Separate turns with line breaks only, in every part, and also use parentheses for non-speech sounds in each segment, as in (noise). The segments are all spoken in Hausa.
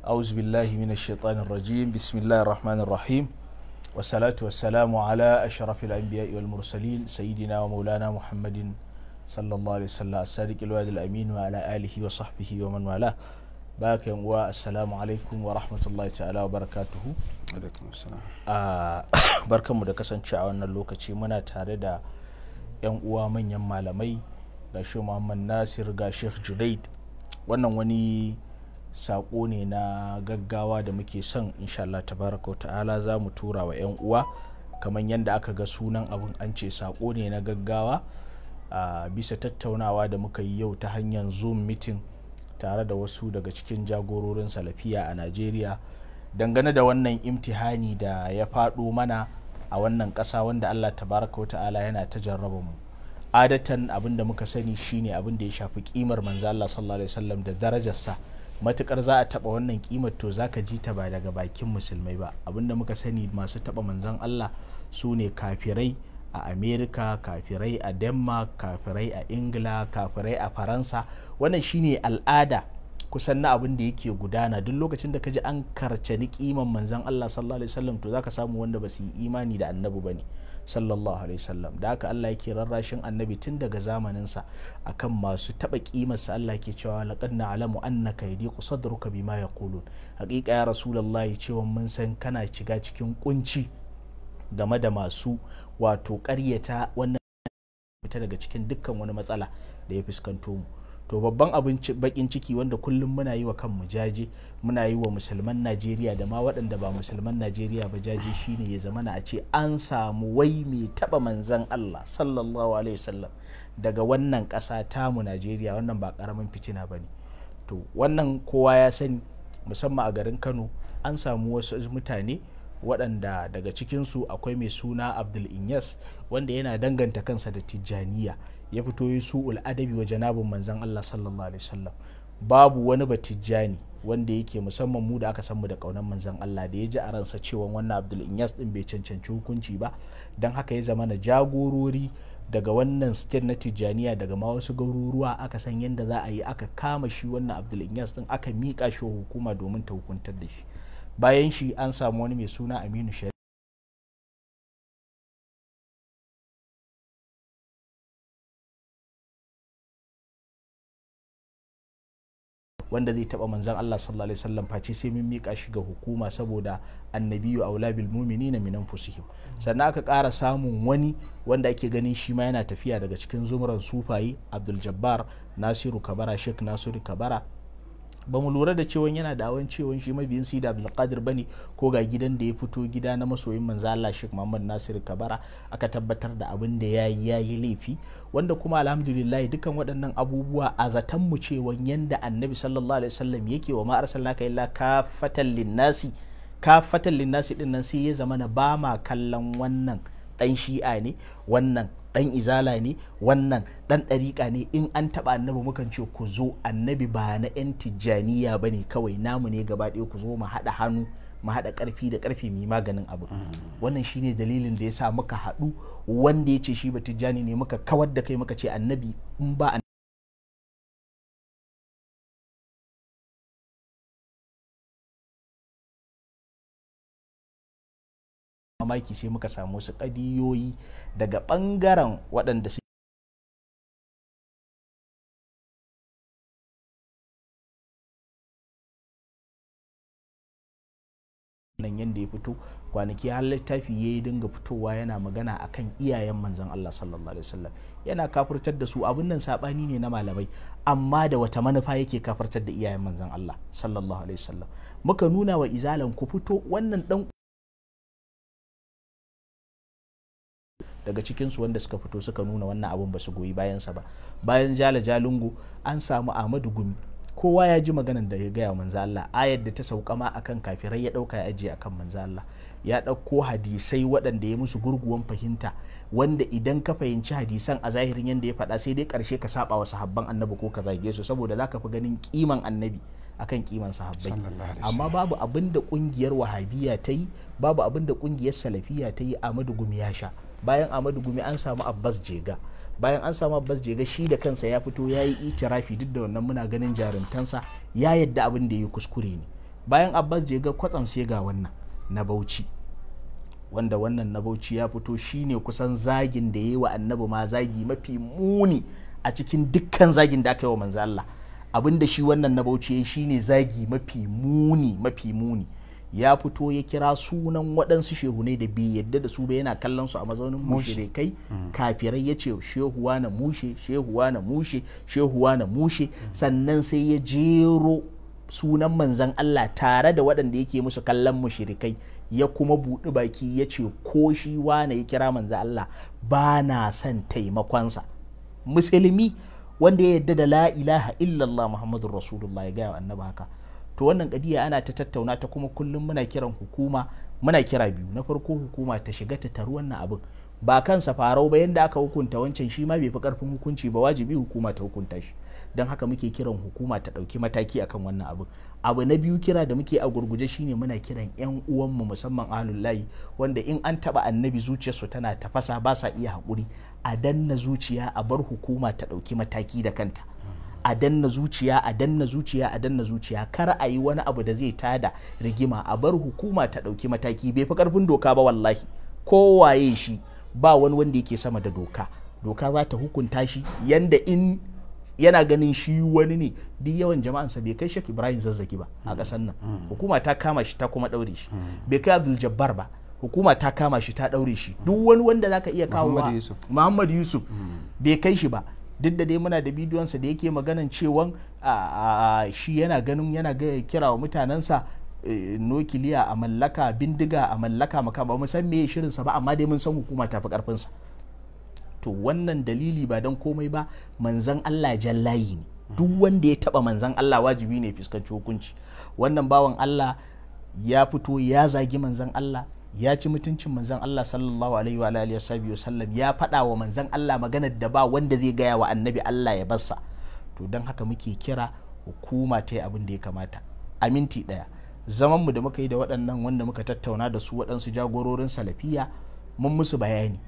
أعوذ بالله من الشيطان الرجيم بسم الله الرحمن الرحيم والصلاة والسلام على أشرف الأنبياء والمرسلين سيدنا ومولانا محمد صلى الله عليه وسلم الصادق الوعد الأمين وعلى آله وصحبه ومن والاه باك والسلام عليكم ورحمة الله تعالى وبركاته عليكم السلام بركة مدكسن شعونا اللوكة منا تاردا yan uwa manyan malamai ga shi Muhammad Nasir ga Sheikh Junaid wannan wani saƙo ne na gaggawa da muke son insha Allah tabaraka ta'ala za mu tura wa 'yan uwa kamar yadda aka ga sunan abin an ce saƙo ne na gaggawa a bisa tattaunawa da muka yi yau ta hanyar zoom meeting tare da wasu daga cikin jagororin salafiya a najeriya dangane da wannan imtihani da ya faɗo mana a wannan ƙasa wanda allah tabaraka ta'ala yana ta jarraba mu adatan abin da muka sani shine abin da ya shafi kimar manzo Allah sallallahu alaihi wasallam da darajarsa matukar za a taba wannan kimar to zaka ji ta ba daga bakin musulmai ba abinda muka sani masu taba manzon Allah su ne kafirai a amerika kafirai a denmark kafirai a ingila kafirai a faransa wannan shine al'ada kusan na abin da yake gudana duk lokacin da ka ji an ni kiman manzon Allah sallallahu alaihi wasallam to zaka samu wanda ba su yi imani da annabi ba ne sallallahu alaihi wasallam da aka Allah yake rarrashin annabi tun daga zamanin sa akan masu taba sa Allah ke cewa laqad na'lamu annaka yadiqu sadruka bima yaqulun haqiqa ya rasulullahi cewa mun san kana shiga cikin kunci game da masu wato ƙaryata wannan fita daga cikin dukkan wani matsala da ya fuskanto mu to babban abin bakin ciki wanda kullum muna yi wa kanmu jaje muna yi wa musulman najeriya da ma waɗanda ba musulman najeriya ba jaje shine ya zamana a ce an samu wai mai taba manzan allah sallallahu alaihi wasallam daga wannan ƙasa tamu najeriya wannan ba ƙaramin fitina ba ne to wannan kowa ya sani musamman a garin kano an samu wasu mutane waɗanda daga cikinsu akwai mai suna abdul inyas wanda yana danganta kansa da tijjaniya ya fito yi su'ul adabi wa janabin manzan allah sallallahu alaihi wasallam babu wani ba tijjani wanda yake musamman mu da aka san mu da kaunar manzan Allah da ya ji a ransa cewa wannan Abdul Inyas din bai cancanci hukunci ba don haka ya zama na jagorori daga wannan state na Tijjaniya daga ma wasu garuruwa aka san yadda za a yi aka kama shi wannan Abdul Inyas din aka miƙa shi wa hukuma domin ta hukuntar da shi bayan shi an samu wani mai
suna aminu shari
wanda zai taba manzan Allah sallallahu alaihi wasallam face sai mun mika shi ga hukuma saboda annabiyu aula bil mu'minina min anfusihim sannan aka ƙara samun wani wanda ake ganin shi ma yana tafiya daga cikin zumuran sufayi Abdul Jabbar Nasiru Kabara Sheikh Nasiru Kabara ba mu lura da cewa yana da awon cewa shi mabiyin sidi abdulkadir ne ko ga gidan da ya fito gida na masoyin manzo Allah Sheikh Muhammad Nasir Kabara aka tabbatar da abin da ya yi yayi laifi wanda kuma alhamdulillah dukan waɗannan abubuwa a zaton mu cewa yanda annabi sallallahu alaihi wasallam yake wa ma illa kafatan linnasi kafatan linnasi din nan sai ya zama na ba ma kallon wannan ɗan shi'a ne wannan ɗan izala ne wannan dan dariƙa ne in an taɓa annabi mukan ce ku zo annabi ba na 'yan tijjaniya ba ne kawai namu ne gaba ɗaya ku zo mu haɗa hannu mu haɗa ƙarfi da ƙarfi mai maganin abu wannan shine dalilin da ya sa muka haɗu wanda ya ce shi ba tijjani ne
muka kawar da kai muka ce annabi in ba mamaki sai muka samu wasu ƙadiyoyi daga ɓangaren waɗanda nan yadda ya fito
kwanaki har littafi ya yi dinga fitowa yana magana akan iyayen manzon Allah sallallahu alaihi wasallam yana kafirtar da su abin nan sabani ne na malamai amma da wata manufa yake kafirtar da iyayen manzon Allah sallallahu alaihi wasallam muka nuna wa izalan ku fito wannan dan daga cikinsu wanda suka fito suka nuna wannan abun ba su goyi bayansa ba bayan jala jalungu an samu amadu gumi kowa ya ji maganan da ya gaya manzo Allah ayar da ta sauka ma akan kafirai ya dauka ya ajiye akan manzo Allah ya dauko hadisai waɗanda ya musu gurguwan fahimta wanda idan ka fahimci hadisan a zahirin yanda ya faɗa sai dai karshe ka saba wa sahabban annabi ko ka zage su saboda zaka fi ganin kiman annabi akan kiman sahabbai amma babu abin da kungiyar wahabiya ta yi babu abin da kungiyar salafiya ta yi amadu gumi ya sha bayan amadu gumi an samu abbas jega bayan an samu abbas jega shi da kansa ya fito ya yi itirafi duk da wannan muna ganin jarumtansa ya yadda abin da ya yi kuskure ne bayan abbas jega kwatsam sai ga wannan na bauchi wanda wannan na bauchi ya fito shi ne kusan zagin da ya yi wa annabi ma zagi mafi muni a cikin dukkan zagin da aka yi wa manzo Allah abin da shi wannan na bauchi ya yi ne zagi mafi muni mafi muni ya fito ya kira sunan waɗansu shehu shehunai da bi yadda da su ba yana kallon su a mazaunin kai mm. kafirai ya ce shehuwa na mushe shehuwa na mushe shehuwa na mushe sannan sai ya jero sunan manzan Allah tare da waɗanda yake musu kallon mushrikai ya kuma buɗi baki ya ce ko shi wane ya kira manzan Allah ba na son taimakonsa musulmi wanda ya yadda da la ilaha illallah muhammadun rasulullah ya gaya wa annabi haka to wannan kadiya ana ta tattauna ta kuma kullum muna kiran hukuma muna kira biyu na farko hukuma ta shiga ta taru wannan abin ba kansa farau ba yanda aka hukunta wancan shi ma bai fi karfin hukunci ba wajibi hukuma ta hukunta shi don haka muke kiran hukuma ta ɗauki mataki akan wannan abin abu na biyu kira da muke a gurguje shine muna kiran yan uwanmu musamman ahlul layi wanda in an taba annabi zuciyarsu tana tafasa ba sa iya haƙuri a danna zuciya a bar hukuma ta ɗauki mataki da kanta a danna zuciya a danna zuciya a danna zuciya kar a yi wani abu da zai tada rigima a bar hukuma ta ɗauki mataki bai fi karfin doka ba wallahi kowaye shi ba wani wanda yake sama da doka doka za ta hukunta shi yanda in yana ganin shi wani ne duk yawan jama'ansa bai kai Sheikh Ibrahim Zazzaki ba a ƙasar nan mm. Mm. hukuma ta kama shi ta kuma ɗaure shi mm. bai kai Abdul Jabbar ba hukuma ta kama shi ta ɗaure shi duk wani wanda zaka iya kawo Muhammad Yusuf bai kai shi ba duk da dai muna da bidiyonsa da yake maganan cewan shi yana ganin yana kira wa mutanensa eh, nukiliya a mallaka bindiga a mallaka maka ba mu san me shirinsa ba amma dai mun san hukuma ta fi karfinsa to wannan dalili ba don komai ba manzan Allah jallayi ne duk wanda ya taba manzan Allah wajibi ne fuskanci hukunci wannan bawan Allah ya fito ya zagi manzan Allah ya ci mutuncin manzon Allah sallallahu alaihi wa alihi wasallam ya faɗa wa manzon Allah maganar da ba wanda zai gaya wa annabi Allah ya barsa to don haka muke kira hukuma ta yi abin da ya kamata a minti ɗaya zaman mu da muka yi da waɗannan wanda muka tattauna da su waɗansu jagororin salafiya mun musu bayani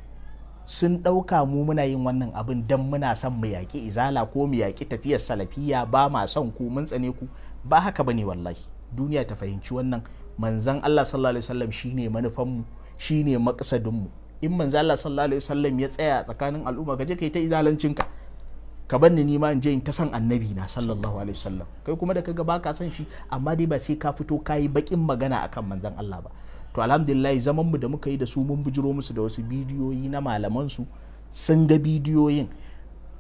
sun ɗauka mu muna yin wannan abin don muna son mu yaƙi izala ko mu yaƙi tafiyar salafiya ba ma son ku mun tsane ku ba haka bane wallahi duniya ta fahimci wannan manzan Allah sallallahu alaihi wasallam shine manufanmu shine maqsadinmu in manzan Allah sallallahu alaihi wasallam ya tsaya tsakanin al'umma gaje kai ta izalancin ka ka banni ni ma in je in ta san annabi na sallallahu alaihi wasallam kai kuma da kaga baka san shi amma dai ba sai ka fito kayi bakin magana akan manzan Allah ba to alhamdulillah zaman mu da muka yi da su mun bujiro musu da wasu bidiyoyi na malaman su sun ga bidiyoyin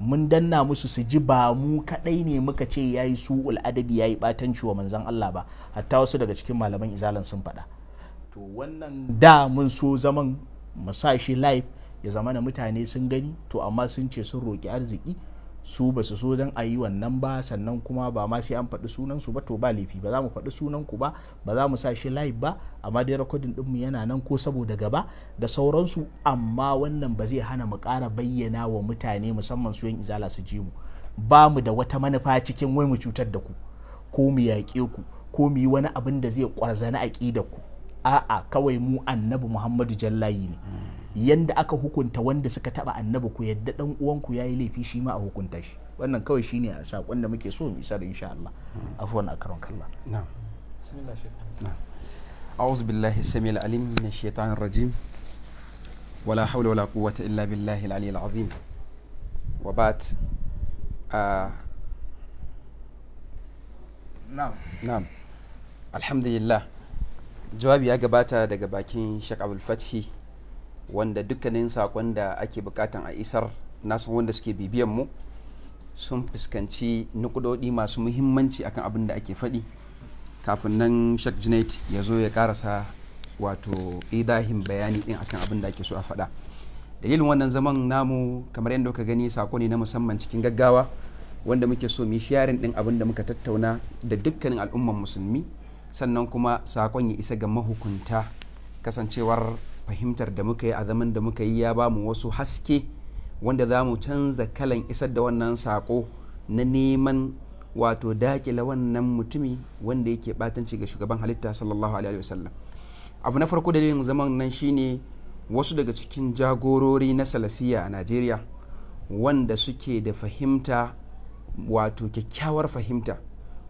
mun danna musu su ji ba mu kadai ne muka ce ya yayi su adabi yi batanci wa manzan Allah ba hatta wasu daga cikin malaman izalan sun faɗa to wannan da mun so zaman mu sa shi live ya zamana mutane sun gani to amma sun ce sun roki arziki su ba su so don a yi wannan ba sannan kuma ba ma sai an faɗi sunansu ba to ba laifi ba za mu faɗi sunanku ba ba za mu sa shi live ba amma dai rakodin ɗinmu yana nan ko saboda gaba da sauransu amma wannan ba zai hana mu ƙara bayyana wa mutane musamman su yan izala su ji mu ba mu da wata manufa cikin wai mu cutar da ku ko mu yaƙe ku ko mu yi wani abin da zai ƙwarzana da ku a'a kawai mu annabi muhammadu jallayi ne yanda aka hukunta wanda suka taba annabi ku yadda dan uwanku yayi laifi shi ma a hukunta shi wannan kawai shine a sakon da muke so mu isar insha Allah
afwan akram kallah na'am bismillah a'udhu billahi samil alim minash shaitanir rajim wala hawla wala quwwata illa billahi al azim wa ah. na'am na'am alhamdulillah jawabi ya gabata daga bakin Sheikh Abdul Fathi wanda dukkanin sakon da ake bukatan a isar nasu wanda suke bibiyan mu sun fuskanci nukudodi masu muhimmanci akan abin da ake faɗi kafin nan shak junaid ya zo ya karasa wato idahin bayani din akan abin da ake so a faɗa dalilin wannan zaman namu kamar yadda kuka gani sako ne na musamman cikin gaggawa wanda muke so mu sharing din abin da muka tattauna da dukkanin al'umman musulmi sannan kuma sakon ya isa ga mahukunta kasancewar fahimtar da muka yi a zaman da muka yi ya ba mu wasu haske wanda za mu canza kalan isar da wannan sako na neman wato dakila wannan mutumi wanda yake batanci ga shugaban halitta sallallahu alaihi wasallam abu na farko dalilin zaman nan shine wasu daga cikin jagorori na salafiya a najeriya wanda suke da fahimta wato kyakkyawar fahimta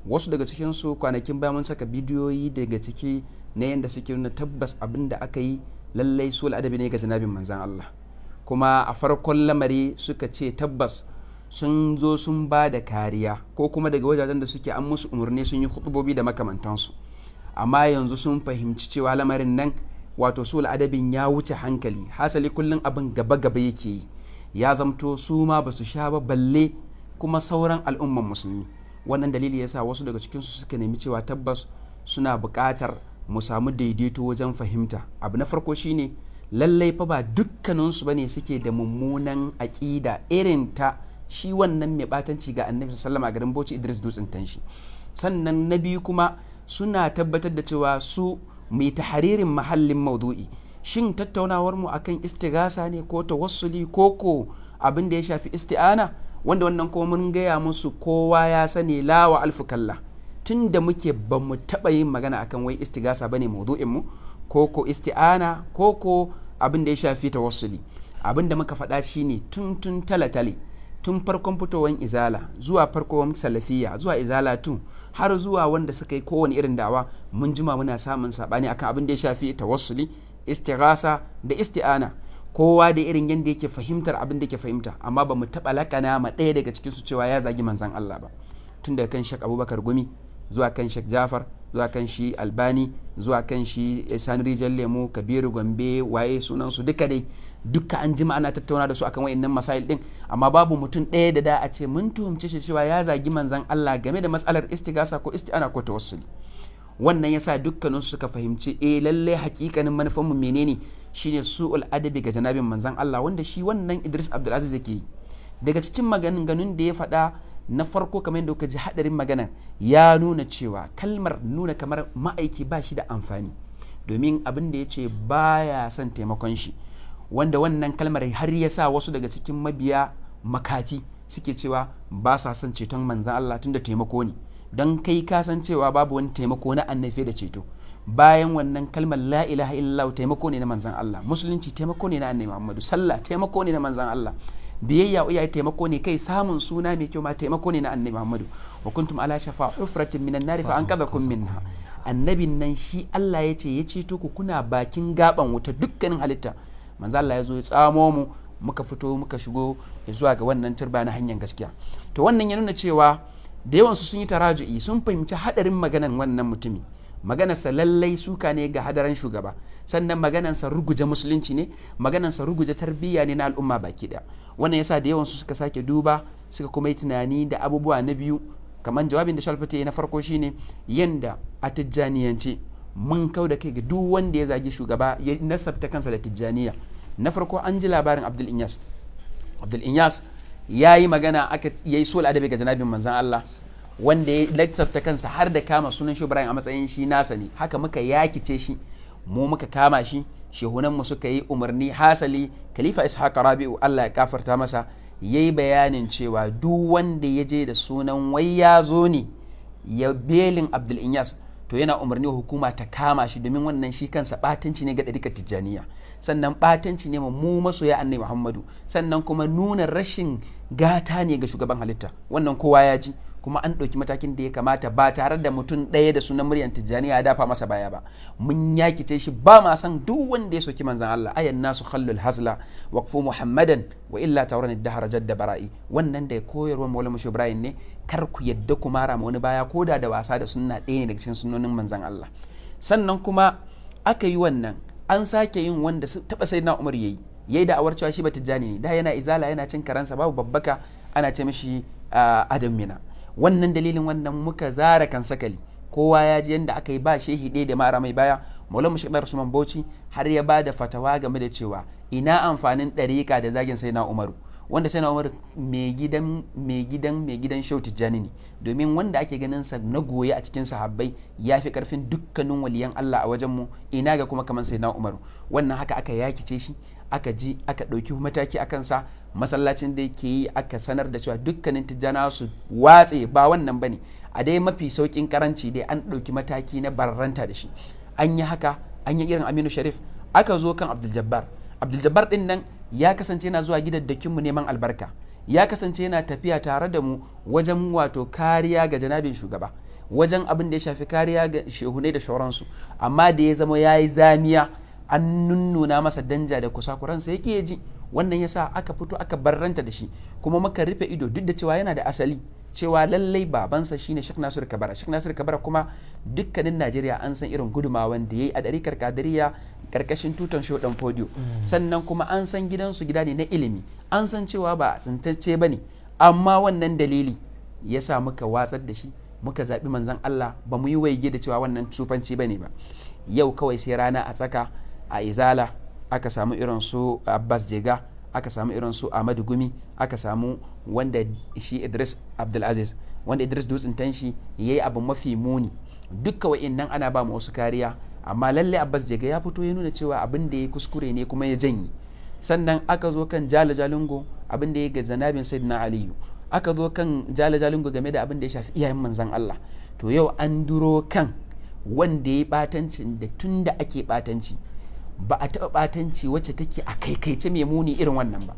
wasu daga cikin su kwanakin bayan mun saka bidiyoyi daga ciki na yadda suke nuna tabbas abin da aka yi lallai su al'adabi ne ga janabin manzan Allah kuma a farkon lamari suka ce tabbas sun zo sun ba da kariya ko kuma daga wajajen da suke an musu umarni sun yi hudubobi da makamantansu amma yanzu sun fahimci cewa lamarin nan wato su al'adabin ya wuce hankali hasali kullum abin gaba-gaba yake yi ya zamto su ma ba su sha ba balle kuma sauran al'umman musulmi wannan dalili yasa wasu daga cikinsu suka nemi cewa tabbas suna buƙatar mu samu daidaito wajen fahimta abu na farko shine lallai fa ba dukkaninsu bane suke da mummunan aƙida irin ta shi wannan mai batanci ga annabi sallama a garin bauchi idris dutsen tanshi sannan na biyu kuma suna tabbatar da cewa su mai taharirin mahallin maudu'i shin tattaunawar mu akan istigasa ne ko wasuli ko ko abin da ya shafi isti'ana wanda wannan kuma mun gaya musu kowa ya sani lawa alfukalla tun da muke ba mu taɓa yin magana akan wai istigasa bane maudu'in mu ko ko isti'ana ko ko abin da ya shafi tawassuli abin da muka faɗa shine tun tun talatale tun farkon fitowar izala zuwa farkon salafiya zuwa izala tun har zuwa wanda suka yi kowane irin dawa mun jima muna samun saɓani akan abin da ya shafi tawassuli istighasa da isti'ana kowa da irin yadda yake fahimtar abin da ke fahimta amma ba mu taɓa lakana ma ɗaya daga cikin su cewa ya zagi manzan Allah ba tun daga kan shak Abubakar Gumi zuwa kan Sheikh Jafar zuwa kan shi Albani zuwa kan shi eh, Sani Rijal Lemo Kabiru Gombe waye sunan su duka dai duka an jima ana tattauna da su akan wayannan masail din amma babu mutum ɗaya da da a ce mun tuhumci shi cewa ya zagi manzan Allah game da matsalar istigasa ko isti'ana ko tawassuli wannan yasa dukkanin suka fahimci eh lalle hakikanin manufan mu menene shine su'ul adabi ga janabin manzan Allah wanda shi wannan Idris Abdulaziz yake daga cikin maganin maganganun da ya faɗa na farko kamar yadda kuka ji hadarin magana ya nuna cewa kalmar nuna kamar ma'aiki ba shi da amfani domin abin da ya ce ba ya son taimakon shi wanda wannan kalmar har ya sa wasu daga cikin mabiya makafi suke cewa ba sa son ceton manzan Allah tun da taimako ne don kai ka san cewa babu wani taimako na annafe da ceto bayan wannan kalmar la ilaha taimako ne na manzan Allah musulunci taimako ne na annabi Muhammadu sallah taimako ne na manzan Allah biyayya iyaye taimako ne kai samun suna mai kyau ma taimako ne na annabi Muhammadu wa kuntum ala shafa hufratin minan nari fa anqadhakum minha annabin nan shi Allah ya ce ya ceto ku kuna bakin gaban wuta dukkanin halitta manzo Allah ya zo ya tsamo mu muka fito muka shigo zuwa ga wannan turba na hanyar gaskiya to wannan ya nuna cewa da yawan su sun yi taraju'i sun fahimci hadarin maganan wannan mutumi maganarsa lallai suka ne ga hadaran shugaba sannan maganarsa ruguje musulunci ne maganarsa ruguje tarbiyya ne na al'umma baki daya wannan yasa da yawan su suka sake duba suka kuma yi tunani da abubuwa na biyu kamar jawabin da ya na farko shine yanda a tijjaniyance mun kau da kai ga duk wanda ya zagi shugaba ya nasabta kansa da tijjaniya na farko an ji labarin abdul inyas abdul inyas ya yi magana aka ya yi sulh adabi ga janabin manzan Allah wanda ya lattafta ta kansa har da kama sunan shi Ibrahim a matsayin shi nasa ne haka muka yakice shi mu muka kama shi shehunan mu suka yi umarni hasali khalifa ishaq rabi'u Allah ya kafarta masa yayi bayanin cewa duk wanda ya je da sunan wai ya zo ne ya belin Abdul Inyas to yana umarni wa hukuma ta kama shi domin wannan shi kansa batanci ne ga ɗarika tijjaniya sannan batanci ne mu ya annabi muhammadu sannan kuma nuna rashin gata ne ga shugaban halitta wannan kowa ya ji kuma an ɗauki matakin da ya kamata ba tare da mutum ɗaya da sunan muryan tijjani ya dafa masa baya ba mun yakice shi ba ma san duk wanda ya soki manzan Allah ayyan nasu khallul hasla waqfu muhammadan wa illa tawrani dahara jadda bara'i wannan da ya koyarwa maulama ibrahim ne kar ku yadda ku mara ma wani baya ko da wasa da sunna ɗaya ne daga cikin sunnonin manzan Allah sannan kuma aka yi wannan an sake yin wanda taɓa sai na umar yayi yayi da awarcewa shi ba tijjani ne da yana izala yana cin karansa babu babbaka ana ce mishi ah, adam mina wannan dalilin wannan muka zara kan sakali kowa ya ji yadda aka yi ba shehi ɗaya da mara mai baya maulama shi ɗar suman bauchi har ya ba da fatawa game da cewa ina amfanin ɗariƙa da zagin sai na umaru wanda sai na umaru mai gidan mai gidan mai gidan shau tijjani ne domin wanda ake ganin sa na goye a cikin sahabbai ya fi karfin dukkanin waliyan Allah a wajen mu ina ga kuma kamar sai na umaru wannan haka aka yakice shi aka ji aka ɗauki mataki a kansa masallacin da yake yi aka sanar da cewa dukkanin tijjana su watse ba wannan bane a dai mafi saukin karanci dai an ɗauki mataki na barranta da shi an yi haka an yi irin aminu sharif aka zo kan abdul jabbar abdul jabbar din nan ya kasance yana zuwa gidaddakinmu neman albarka ya kasance yana tafiya tare da mu wajen wato kariya ga janabin shugaba wajen abin da ya shafi kariya ga shehunai da shauransu amma da ya zama ya yi zamiya an nunnuna masa danja da kusa kuransa yake ji wannan ya sa aka fito aka barranta da shi kuma muka rufe ido duk da cewa yana da asali cewa lallai babansa shine Sheikh Nasir Kabara Sheikh Nasir Kabara kuma dukkanin Najeriya an san irin gudumawan da ya yi a ɗarikar Kadiriya karkashin tutan shodan fodiyo mm. sannan kuma an san gidansu gida ne na ilimi an san cewa ba a tsintacce bane amma wannan dalili yasa muka watsar da shi muka zaɓi manzon Allah ba mu yi waige da cewa wannan tsufanci bane ba yau kawai sai rana a tsaka a izala aka samu irin su abbas jega aka samu irin su ahmadu gumi aka samu wanda shi idris abdulaziz wanda idris dutsen tanshi ya yi abu mafi muni dukka nan ana ba mu wasu kariya amma lalle abbas jega ya fito ya nuna cewa abin da ya kuskure ne kuma ya janye sannan aka zo kan jala jalingo abin da ya ga zanabin sayyidina aliyu aka zo kan jala jalingo game da abin da ya shafi iyayen manzan allah to yau an duro kan wanda ya batanci da tun da ake batanci ba a taɓa ɓatanci wacce take a kaikaice mai muni irin wannan ba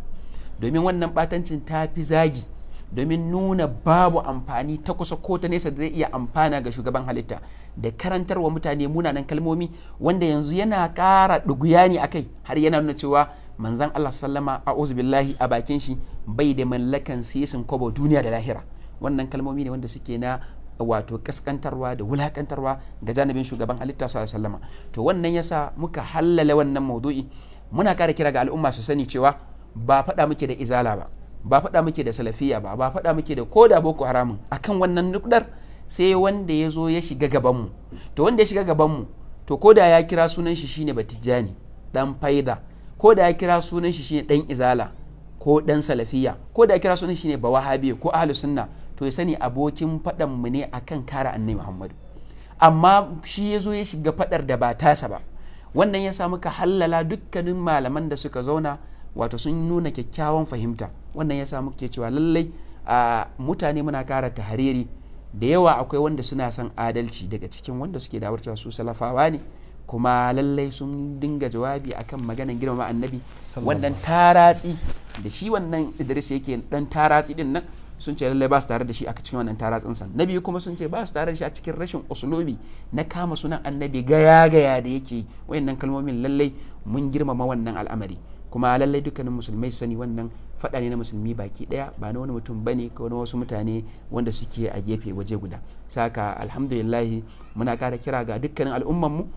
domin wannan ɓatancin ta fi zagi domin nuna babu amfani ta kusa ko ta nesa da zai iya amfana ga shugaban halitta da karantarwa mutane munanan kalmomi wanda yanzu yana ƙara ɗuguya ne a kai har yana nuna cewa manzan Allah sallama a billahi a bakin shi bai da mallakan siyasin kobo duniya da lahira wannan kalmomi ne wanda suke na wato kaskantarwa da wulakantarwa ga janibin shugaban halitta sallallahu alaihi to wannan yasa muka hallala wannan maudu'i muna kara kira ga al'umma su sani cewa ba faɗa muke da izala ba ba faɗa muke da salafiya ba ba faɗa muke da koda boko haramun akan wannan nukdar sai wanda ya zo ya shiga gabanmu to wanda ya shiga gabanmu to koda ya kira sunan shi shine batijani dan faida ko da ya kira sunan shi shine dan izala ko dan salafiya ko da ya kira sunan shi ne bawahabi ko ahlus sunna to ya sani abokin faɗan mu ne akan kara annabi Muhammadu amma shi ya zo ya shiga faɗar da ba tasa ba wannan ya sa muka hallala dukkanin malaman da suka zauna wato sun nuna kyakkyawan fahimta wannan ya sa muke cewa lallai a mutane muna kara tahariri da yawa akwai wanda suna son adalci daga cikin wanda suke dawar cewa su salafawa ne kuma lallai sun dinga jawabi akan maganan girmama annabi wannan taratsi da shi wannan idris yake dan taratsi din nan sun ce lallai ba su tare da shi a cikin wannan taratsinsa na biyu kuma sun ce ba su tare da shi a cikin rashin usulobi na kama sunan annabi gaya gaya da yake wayannan kalmomin lallai mun girmama wannan al'amari kuma lallai dukkanin musulmai sani wannan faɗa ne na musulmi baki ɗaya ba na wani mutum ba ne ko na wasu mutane wanda suke a gefe waje guda saka alhamdulillahi muna ƙara kira ga dukkanin mu.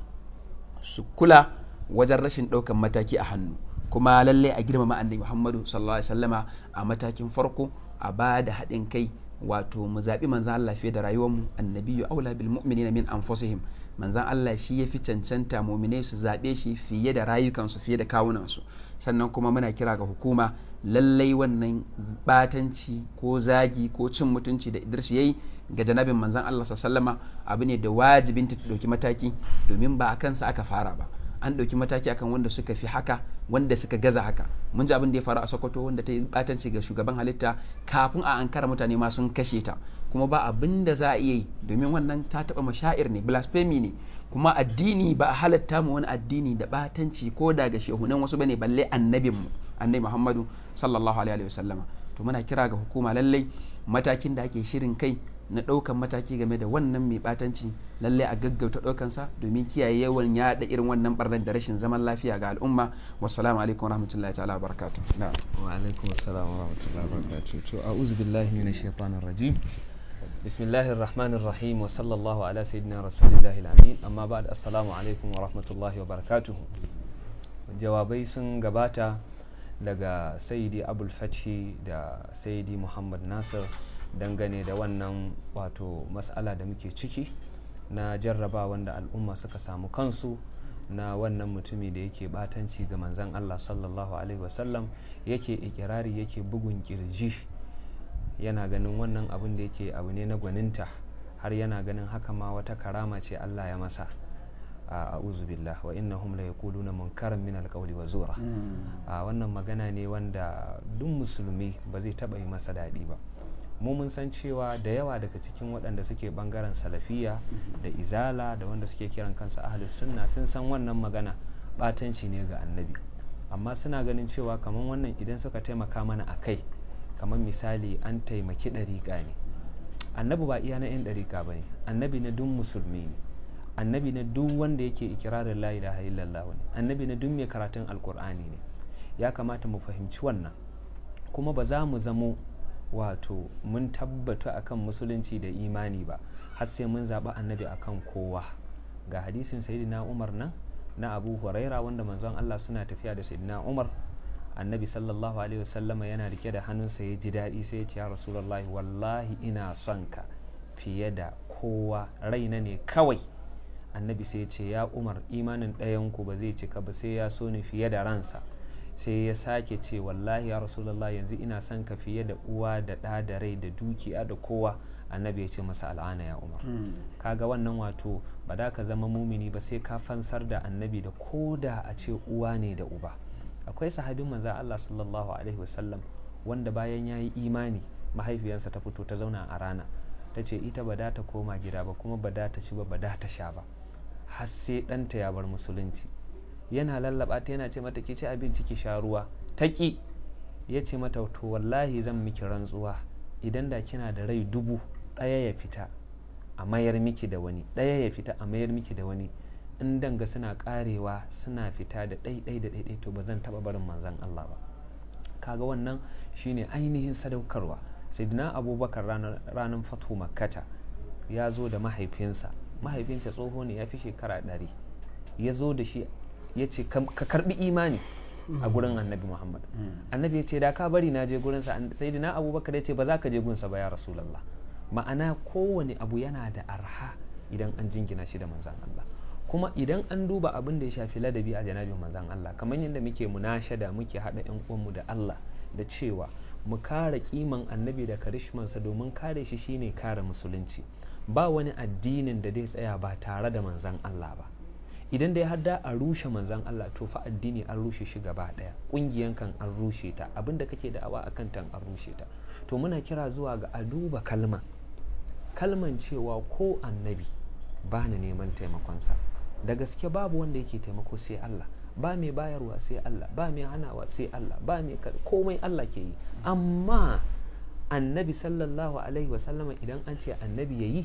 su kula wajen rashin ɗaukan mataki a hannu kuma lallai a girmama annabi muhammadu sallallahu alaihi wasallama a matakin farko a ba da haɗin kai wato mu zaɓi manzan Allah fiye da rayuwarmu annabiyu aula bil mu'mini min anfusihim manzan Allah shi ya fi cancanta muminai su zaɓe shi fiye da rayukansu fiye da kawunansu sannan kuma muna kira ga hukuma lallai wannan batanci ko zagi ko cin mutunci da Idris yayi ga janabin manzan Allah sallama abu ne da wajibin ta ɗauki mataki domin ba a kansa aka fara ba an ɗauki mataki akan wanda suka fi haka wanda suka gaza haka mun ji abin da ya faru a sokoto wanda ta yi batanci ga shugaban halitta kafin a ankara mutane ma sun kashe ta kuma ba abin da za a iya yi domin wannan ta taɓa mashair ne blasphemy ne kuma addini ba a halatta mu wani addini da batanci ko da ga shehunan wasu bane balle annabinmu annabi muhammadu sallallahu alaihi sallama to muna kira ga hukuma lallai matakin da ake shirin kai na ɗaukan mataki game da wannan mai ɓatanci lalle a gaggauta ɗaukansa domin kiyaye yawan yaɗa irin wannan ɓarnar da rashin zaman lafiya
ga al'umma wassalamu alaikum rahmatullahi ta'ala barakatu na wa alaikum assalam wa barakatu to a'udhu billahi minash shaitanir rajim bismillahir rahmanir rahim wa sallallahu ala sayyidina rasulillahi alamin amma ba'd assalamu alaikum wa wabarakatuh jawabai sun gabata daga sayyidi abul fathi da sayyidi muhammad nasir dangane da wannan wato matsala da muke ciki na jarraba wanda al'umma suka samu kansu na wannan mutumi da yake batanci ga manzan Allah sallallahu alaihi wasallam yake ikirari yake bugun kirji yana ganin wannan abin da yake abu ne na gwaninta har yana ganin haka ma wata karama ce Allah ya masa a billah wa inna hum la yaquluna munkaran min alqawli wa zura hmm. wannan magana ne wanda duk musulmi ba zai taba yi masa daɗi ba mu mun san cewa da yawa daga cikin waɗanda suke bangaren salafiya da izala da wanda suke kiran kansu ahalus sunna sun san wannan magana batanci ne ga annabi amma suna ganin cewa kamar wannan idan suka taimaka mana a kai kamar misali an taimaki ɗariƙa ne annabi ba iya na 'yan ɗariƙa ba ne annabi na duk musulmi ne annabi na duk wanda yake ikirarin layi da illallah ne annabi na duk mai karatun alkur'ani ne ya kamata mu fahimci wannan kuma ba za mu zamo wato mun tabbatu akan musulunci da imani ba har sai mun zaɓi annabi akan kowa ga hadisin sayyidina umar nan na abu huraira wanda manzon allah suna tafiya da sayyidina umar annabi sallallahu alaihi wasallama yana rike da hannunsa ya ji daɗi sai ya ce ya rasulullahi wallahi ina son ka fiye da kowa raina ne kawai annabi sai ya ce ya umar imanin ɗayanku ba zai cika ba sai ya so ni fiye da ransa sai ya sake ce wallahi ya rasulullah yanzu ina son ka fiye da uwa da ɗa da rai da dukiya da kowa annabi ya ce masa al'ana ya umar hmm. kaga wannan wato ba da ka zama mumini ba sai ka fansar da annabi da ko da a ce uwa ne da uba akwai sahabin manzan allah sallallahu alaihi wasallam wanda bayan ya yi imani mahaifiyarsa ta fito ta zauna a rana ta ce ita ba da ta koma gida ba kuma ba da ta ci ba ba da ta sha ba har sai ɗanta ya bar musulunci yana lallaba ta yana ce mata ki ci abinci ki sha ruwa taki ya ce mata to wallahi zan miki rantsuwa idan da kina da rai dubu ɗaya ya fita a mayar miki da wani ɗaya ya fita a mayar miki da wani in danga suna karewa suna fita da ɗaiɗai da ɗaiɗai to bazan taba taɓa barin manzan Allah ba kaga wannan shine ainihin sadaukarwa sayyidina abubakar ranar fatu makkata ya zo da mahaifinsa mahaifinta tsoho ne ya fi shekara ɗari ya zo da shi ya ce ka karbi imani a gurin annabi muhammad annabi ya ce da ka bari na je gurinsa sai dina abubakar ya ce ba za ka je gunsa ba ya rasulallah ma'ana kowane abu yana da arha idan an jingina shi da manzan allah kuma idan an duba abin da ya shafi ladabi a janabin manzan allah kamar yadda muke munashada muke haɗa yan uwanmu da allah da cewa mu kare kiman annabi da karishmansa domin kare shi shine kare musulunci ba wani addinin da zai tsaya ba tare da manzan allah ba idan da har da a rushe manzan Allah to fa addini an rushe shi gaba daya kungiyan kan an rushe ta abinda kake da awa akan tan an rushe ta to muna kira zuwa ga a duba kalman kalman cewa ko annabi ba ni neman taimakon sa da gaske babu wanda yake taimako sai Allah ba mai bayarwa sai Allah ba mai hanawa sai Allah ba mai komai Allah ke yi amma annabi sallallahu alaihi wasallama idan an ce annabi ya yi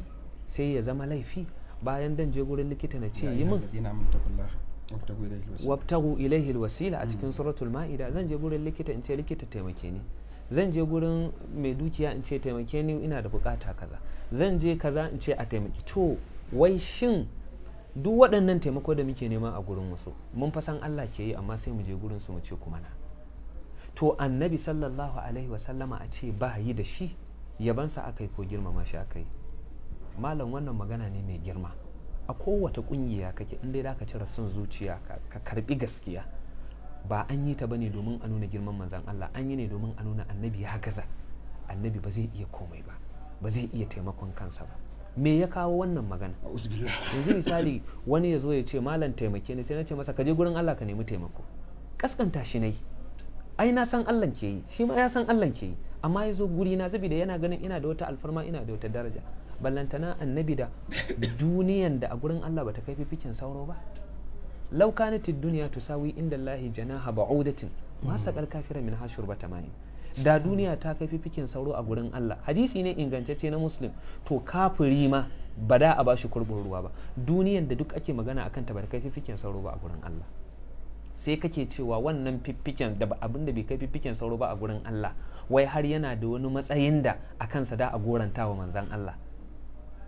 sai ya zama laifi bayan dan je gurin likita na ce yi min wabtagu ilaihi alwasila a mm. cikin suratul ma'ida zan je gurin likita in ce likita taimake ni zan je gurin mai dukiya in ce taimake ni ina da bukata kaza zan je kaza in ce a taimaki to wai shin duk waɗannan taimako da muke nema a gurin wasu mun fasan Allah ke yi amma sai mu je gurin su mu ce kuma na to annabi sallallahu alaihi wasallama a ce ba yi da shi yabansa aka yi ko girmama shi aka yi malam wannan magana ne mai girma a kowace kungiya kake inda da ka cire son zuciya ka karbi gaskiya ba an yi ta bane domin a nuna girman manzan Allah an yi ne domin a nuna annabi ya gaza annabi ba zai iya komai ba ba zai iya taimakon kansa ba me ya kawo wannan magana yanzu misali wani ya zo ya ce malam taimake ni sai na ce masa ka je gurin Allah ka nemi taimako kaskanta shi nayi ai na san Allah ke yi shi ma ya san Allah ke yi amma ya zo guri na saboda yana ganin ina da wata alfarma ina da wata daraja ballantana annabi da duniyan da a gurin Allah bata kai fifikin sauro ba laukanatid duniya tusawi inda Allah janaha ba'udatin ma saqal kafira min hashur bata mai da duniya ta kai fifikin sauro a gurin Allah hadisi ne ingantacce na muslim to kafiri ma ba da a bashi kurbin ruwa ba duniyan da duk ake magana akan ta bata kai fifikin sauro ba a gurin Allah sai kake cewa wannan fiffiken da abin da bai kai fiffiken sauro ba a gurin Allah wai har yana da wani matsayin da a kansa da a goranta wa manzan Allah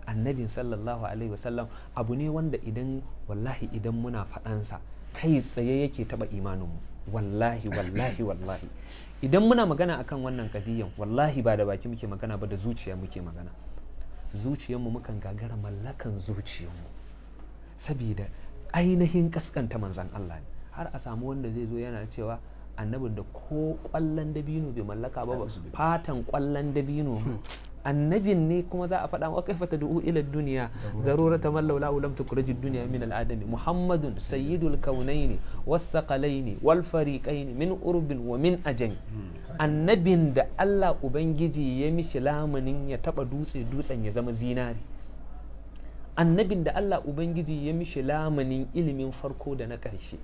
annabin sallallahu alaihi wasallam abu ne wanda idan wallahi idan muna faɗansa kai tsaye yake taɓa imaninmu wallahi wallahi (laughs) wallahi idan muna magana akan wannan kadiyan wallahi ba da baki muke magana ba da zuciya muke magana zuciyarmu mukan gagara mallakan zuciyarmu saboda ainihin kaskanta manzan Allah ne har a samu wanda zai zo yana cewa annabin da ko kwallon dabino bai mallaka ba fatan kwallon dabino (laughs) annabin ne kuma za a faɗa wa kaifa du'u ila dunya ta mallau laula lam tukraju duniya min al'adami muhammadun sayyidul kaunaini was wal fariqaini min urbin wa min ajam annabin da Allah ubangiji ya mishi lamunin ya taba dutse dutsen ya zama zinari annabin da Allah ubangiji ya mishi lamunin ilimin farko da na ƙarshe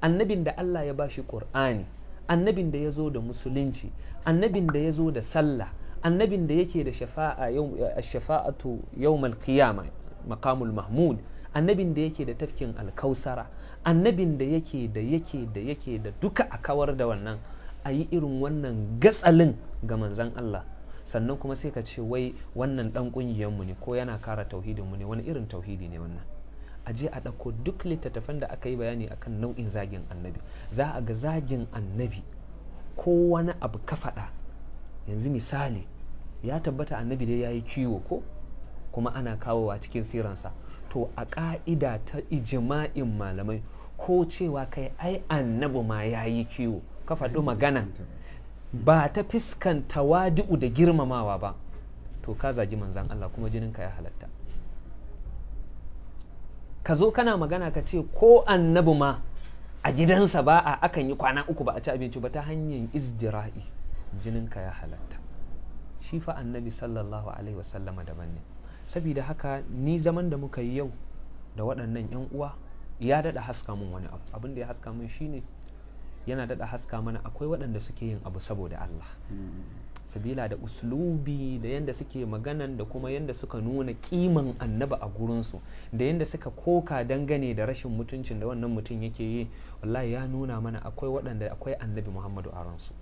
annabin da Allah ya bashi Qur'ani annabin da ya zo da musulunci annabin da ya zo da sallah annabin da yake da shafa'a shafa'atu yawmal qiyama maqamul mahmud annabin da yake da tafkin alkausara annabin da yake da yake da yake da duka a kawar da wannan a yi irin wannan gatsalin ga manzan Allah sannan kuma sai ka ce wai wannan dan mu ne ko yana kara tauhidinmu ne wani irin tauhidi ne wannan a je a ɗauko duk littattafan da aka yi bayani akan nau'in zagin annabi za a ga zagin annabi ko wani abu ka faɗa yanzu misali ya tabbata annabi dai ya yi kiwo ko kuma ana kawowa cikin siransa to a ƙa'ida ta ijima'in malamai ko cewa kai ai annabi ma ya yi kiwo ka faɗi magana ba ta fiskan tawadi'u da girmamawa ba to ka zagi manzan Allah kuma jininka ya halatta ka zo kana magana ka ce ko annabi ma a gidansa ba a akan yi kwana uku ba a ci abinci ba ta hanyar izdira'i jininka ya halatta shi fa annabi sallallahu alaihi wasallama daban ne saboda haka ni zaman da muka yi yau da waɗannan 'yan uwa ya daɗa haska mun wani abu abin da ya haska mun shine yana daɗa haska mana akwai waɗanda suke yin abu saboda Allah sabila da uslubi da yanda suke maganan da kuma yanda suka nuna kiman annaba a gurinsu da yanda suka koka dangane da rashin mutuncin da wannan mutum yake yi wallahi ya nuna mana akwai waɗanda akwai annabi muhammadu a ransu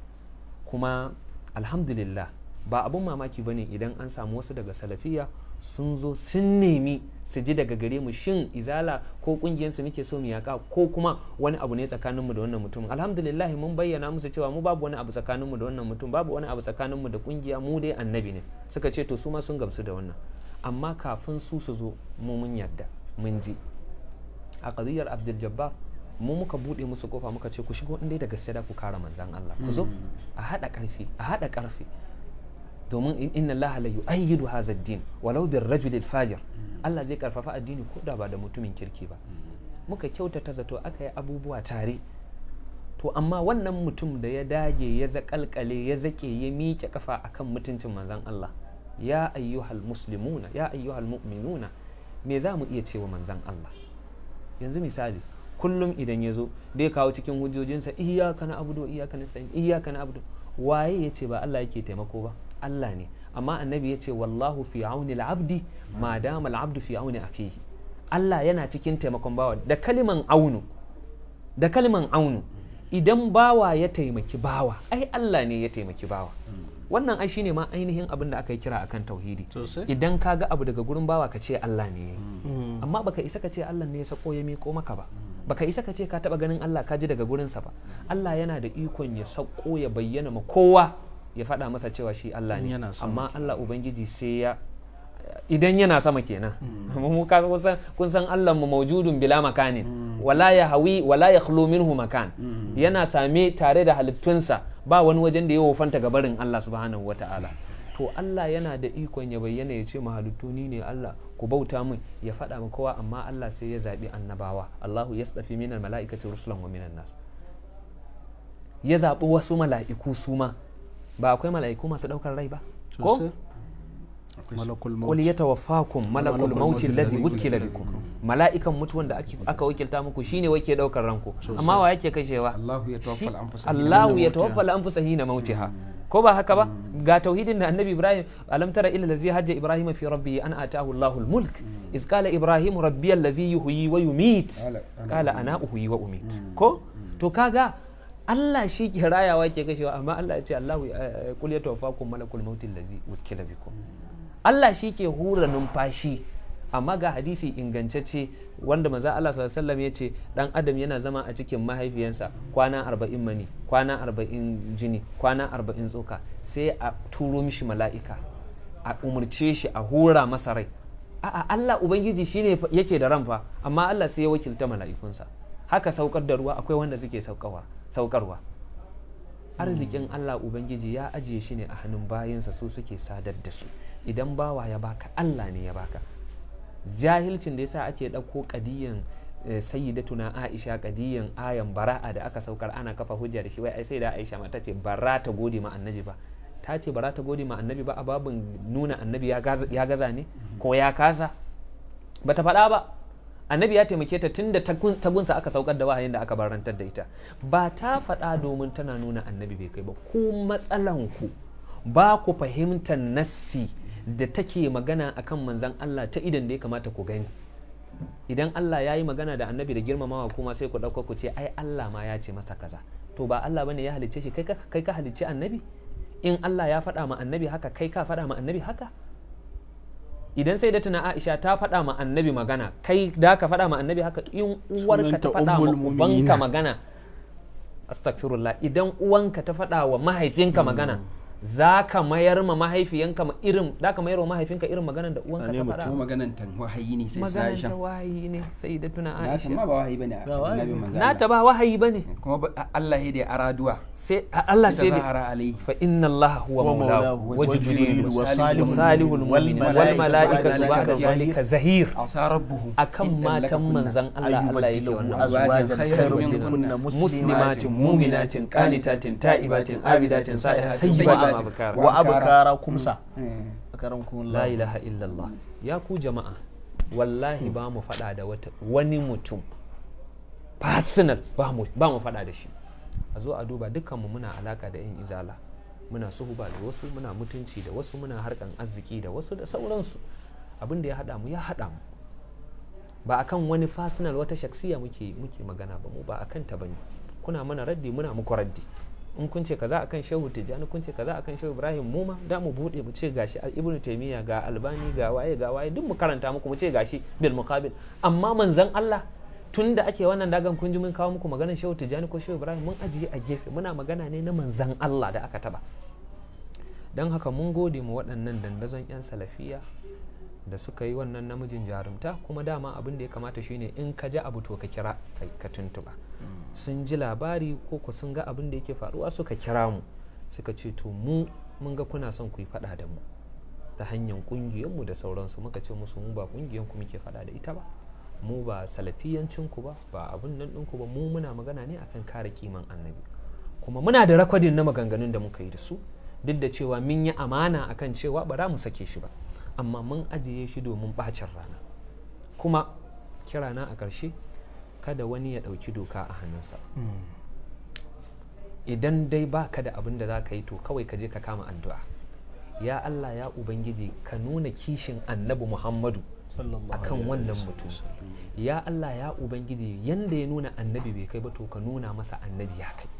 kuma alhamdulillah ba abin mamaki ba ne idan an samu wasu daga salafiya sun zo sun nemi su ji daga gare mu shin izala ko kungiyarsu muke so mu yaka ko kuma wani abu ne tsakaninmu da wannan mutum alhamdulillah mun bayyana musu cewa mu babu wani abu tsakaninmu da wannan mutum babu wani abu tsakaninmu da kungiya mu dai annabi ne suka ce to su ma sun gamsu da wannan amma kafin su su zo mu mun yadda mun ji a qadiyar abdul jabbar mu muka bude musu kofa muka ce ku shigo inda dai da gaske da ku kara manzan Allah ku zo hmm. a hada karfi a hada karfi domin inna Allah la yu'ayyidu hadha ad-din walau bir rajul al-fajir Allah zai karfafa addini ko da ba da mutumin kirki ba muka kyautata zato aka yi abubuwa tare to amma wannan mutum da ya dage ya zakalkale ya zake ya miƙe kafa akan mutuncin manzon Allah ya ayyuhal muslimuna ya ayyuhal mu'minuna me za mu iya cewa manzon Allah yanzu misali kullum idan ya zo dai kawo cikin hujjojinsa iyaka na abudu iyaka na sa'in iyaka na abudu waye ya ce ba Allah yake taimako ba Allah ne amma annabi ya ce wallahu fi auni al'abdi ma dama al'abdu fi auni akihi Allah yana cikin taimakon bawa da kaliman aunu da kaliman aunu idan bawa ya taimaki bawa ai Allah ne ya taimaki bawa wannan ai shine ma ainihin abin da aka yi kira akan tauhidi idan ka ga abu daga gurin bawa ka ce Allah ne mm. Mm. amma baka isa ka ce Allah ne ya sako ya miko maka ba baka isa ka ce ka taba ganin Allah ka ji daga gurinsa ba Allah yana da ikon ya sako ya bayyana ma kowa ya faɗa masa cewa shi Allah ne amma Allah ubangiji sai ya idan yana sama kenan hmm. (laughs) mu ka kun san Allah mu maujudun bila makanin hmm. wala ya hawi wala ya khlu minhu makan hmm. yana same tare da halittunsa ba wani wajen da ya wofanta ga barin Allah subhanahu wataala to Allah yana da ikon ya bayyana ya ce mahalittu ni ne Allah ku bauta min ya faɗa min kowa amma Allah sai ya zaɓi annabawa Allahu yasdafi minal mala'ikati rusulan wa minan nas ya zaɓi wasu mala'iku su ma ba akwai mala'iku masu daukar rai ba ko qul yatawaffakum malakul mauti allazi wukila bikum mala'ikan mutuwan da aka wakilta muku shine wake daukar ranku amma wa yake kashewa Allahu yatawaffal anfusa hina mautiha hmm. ko ba haka ba hmm. ga tauhidin da annabi ibrahim alam tara ila allazi hajja ibrahim fi rabbi an atahu Allahu almulk hmm. iz qala ibrahim rabbi allazi yuhyi wa yumit qala ana uhyi wa umit ko to kaga Allah shi ke rayawa ke kashewa amma Allah ya ce Allahu kul eh, yatawaffakum malakul mautil ladzi wukila biku Allah shi ke hura numfashi amma ga hadisi ce wanda maza Allah sallallahu alaihi ya ce dan adam yana zama a cikin mahaifiyansa kwana arba'in mani kwana arba'in jini kwana arba'in tsoka sai a turo mishi mala'ika a umurce shi a hura masa rai a'a Allah ubangiji shine yake da ran fa amma Allah sai ya wakilta mala'ikunsa haka saukar da ruwa akwai wanda suke saukawa saukarwa hmm. arzikin Allah Ubangiji ya ajiye shi ne a hannun bayansa su suke sadar da su idan bawa ya baka Allah ne ya baka jahilcin da ya sa ake ɗauko ƙadiyan eh, sayyidatuna Aisha ƙadiyan ayan bara'a da aka saukar ana kafa hujja da shi wai ai sai da Aisha ma tace bara ta gode ma annabi ba ta ce bara ta gode ma annabi ba a babin nuna annabi ya gaza ne ko ya kasa bata faɗa ba annabi ya taimake ta tunda ta gunsa aka saukar da wahayin da aka barantar da ita ba ta faɗa domin tana nuna annabi bai kai ba ku matsalanku ba ku fahimtar nassi da take magana akan manzan Allah ta idan da ya kamata ku gani idan Allah ya yi magana da annabi da girmamawa kuma sai ku ɗauka ku ce ai Allah ma ya ce masa kaza to ba Allah bane ya halicce shi kai ka halicce annabi in Allah ya faɗa ma annabi haka kai ka faɗa ma annabi haka idan sai da tuna aisha ta faɗa ma annabi magana kai da ka faɗa ma annabi haka in uwarka ta faɗa ma ubanka magana astagfirullah idan uwanka ta faɗa wa mahaifinka mm. magana za ka mayar ma mahaifiyanka ma irin za ka mayar wa mahaifinka irin maganar da uwanka ta fara. ne maganar ta wahayi ne sai sai Aisha wahayi ne sai da tuna Aisha na ta ba wahayi bane annabi manzo na ta ba wahayi bane kuma Allah ya da araduwa sai Allah sai da zahara alai fa inna Allah huwa maulahu wa jibril wa salihul mu'min wal malaikatu ba'da zalika zahir asa rabbuhu akan matan manzon Allah Allah ya da wannan min kunna muslimatin mu'minatin qanitatin ta'ibatin abidatin sa'ihatin sayyibatin wa abakara kumsa eh. akarankum la ilaha illallah ya ku jama'a wallahi ba mu fada da wani mutum personal ba mu fada da shi a zo a duba dukkanmu muna alaka da yan izala muna suhuba da wasu muna mutunci da wasu muna harkan arziki da wasu da sauransu abin da ya haɗa mu ya haɗa mu ba akan wani fasinal wata shaksiya muke muke magana ba mu ba akan ta bane kuna mana raddi muna muku raddi in kun ce kaza akan shehu tijjani kun ce kaza akan shehu ibrahim mu ma da mu bude mu ce gashi ibnu taymiya ga albani ga waye ga waye duk mu karanta muku mu ce gashi bil muqabil amma manzon Allah tun da ake wannan dagan kun ji mun kawo muku maganar shehu tijjani ko shehu ibrahim mun ajiye a gefe muna magana ne na manzon Allah da aka taba don haka mun gode mu waɗannan dandazon 'yan salafiya da suka yi wannan namijin jarumta kuma dama abin da ya kamata shine in ka ji abu to ka kira ka tuntuba sun ji labari ko ku sun ga abin da yake faruwa suka kira mu suka ce to mu mun ga kuna son ku yi faɗa da mu ta hanyar ƙungiyarmu da sauransu muka ce musu mu ba ƙungiyarku muke faɗa da ita ba mu ba salafiyancinku ba ba abin nan ɗinku ba mu muna magana ne akan kare kiman annabi kuma muna da rakwadin na maganganun da muka yi da su duk da cewa mun yi amana akan cewa ba za mu sake shi ba amma mun ajiye shi domin bacin rana kuma kirana a ƙarshe kada wani ya ɗauki doka a hannunsa hmm. idan dai ba ka da abin da za ka yi to kawai ka je ka kama addu'a ya Allah ya Ubangiji ka nuna kishin annabi Muhammadu A kan wannan mutum ya Allah ya Ubangiji yanda ya nuna annabi bai kai ba to ka nuna masa annabi ya kai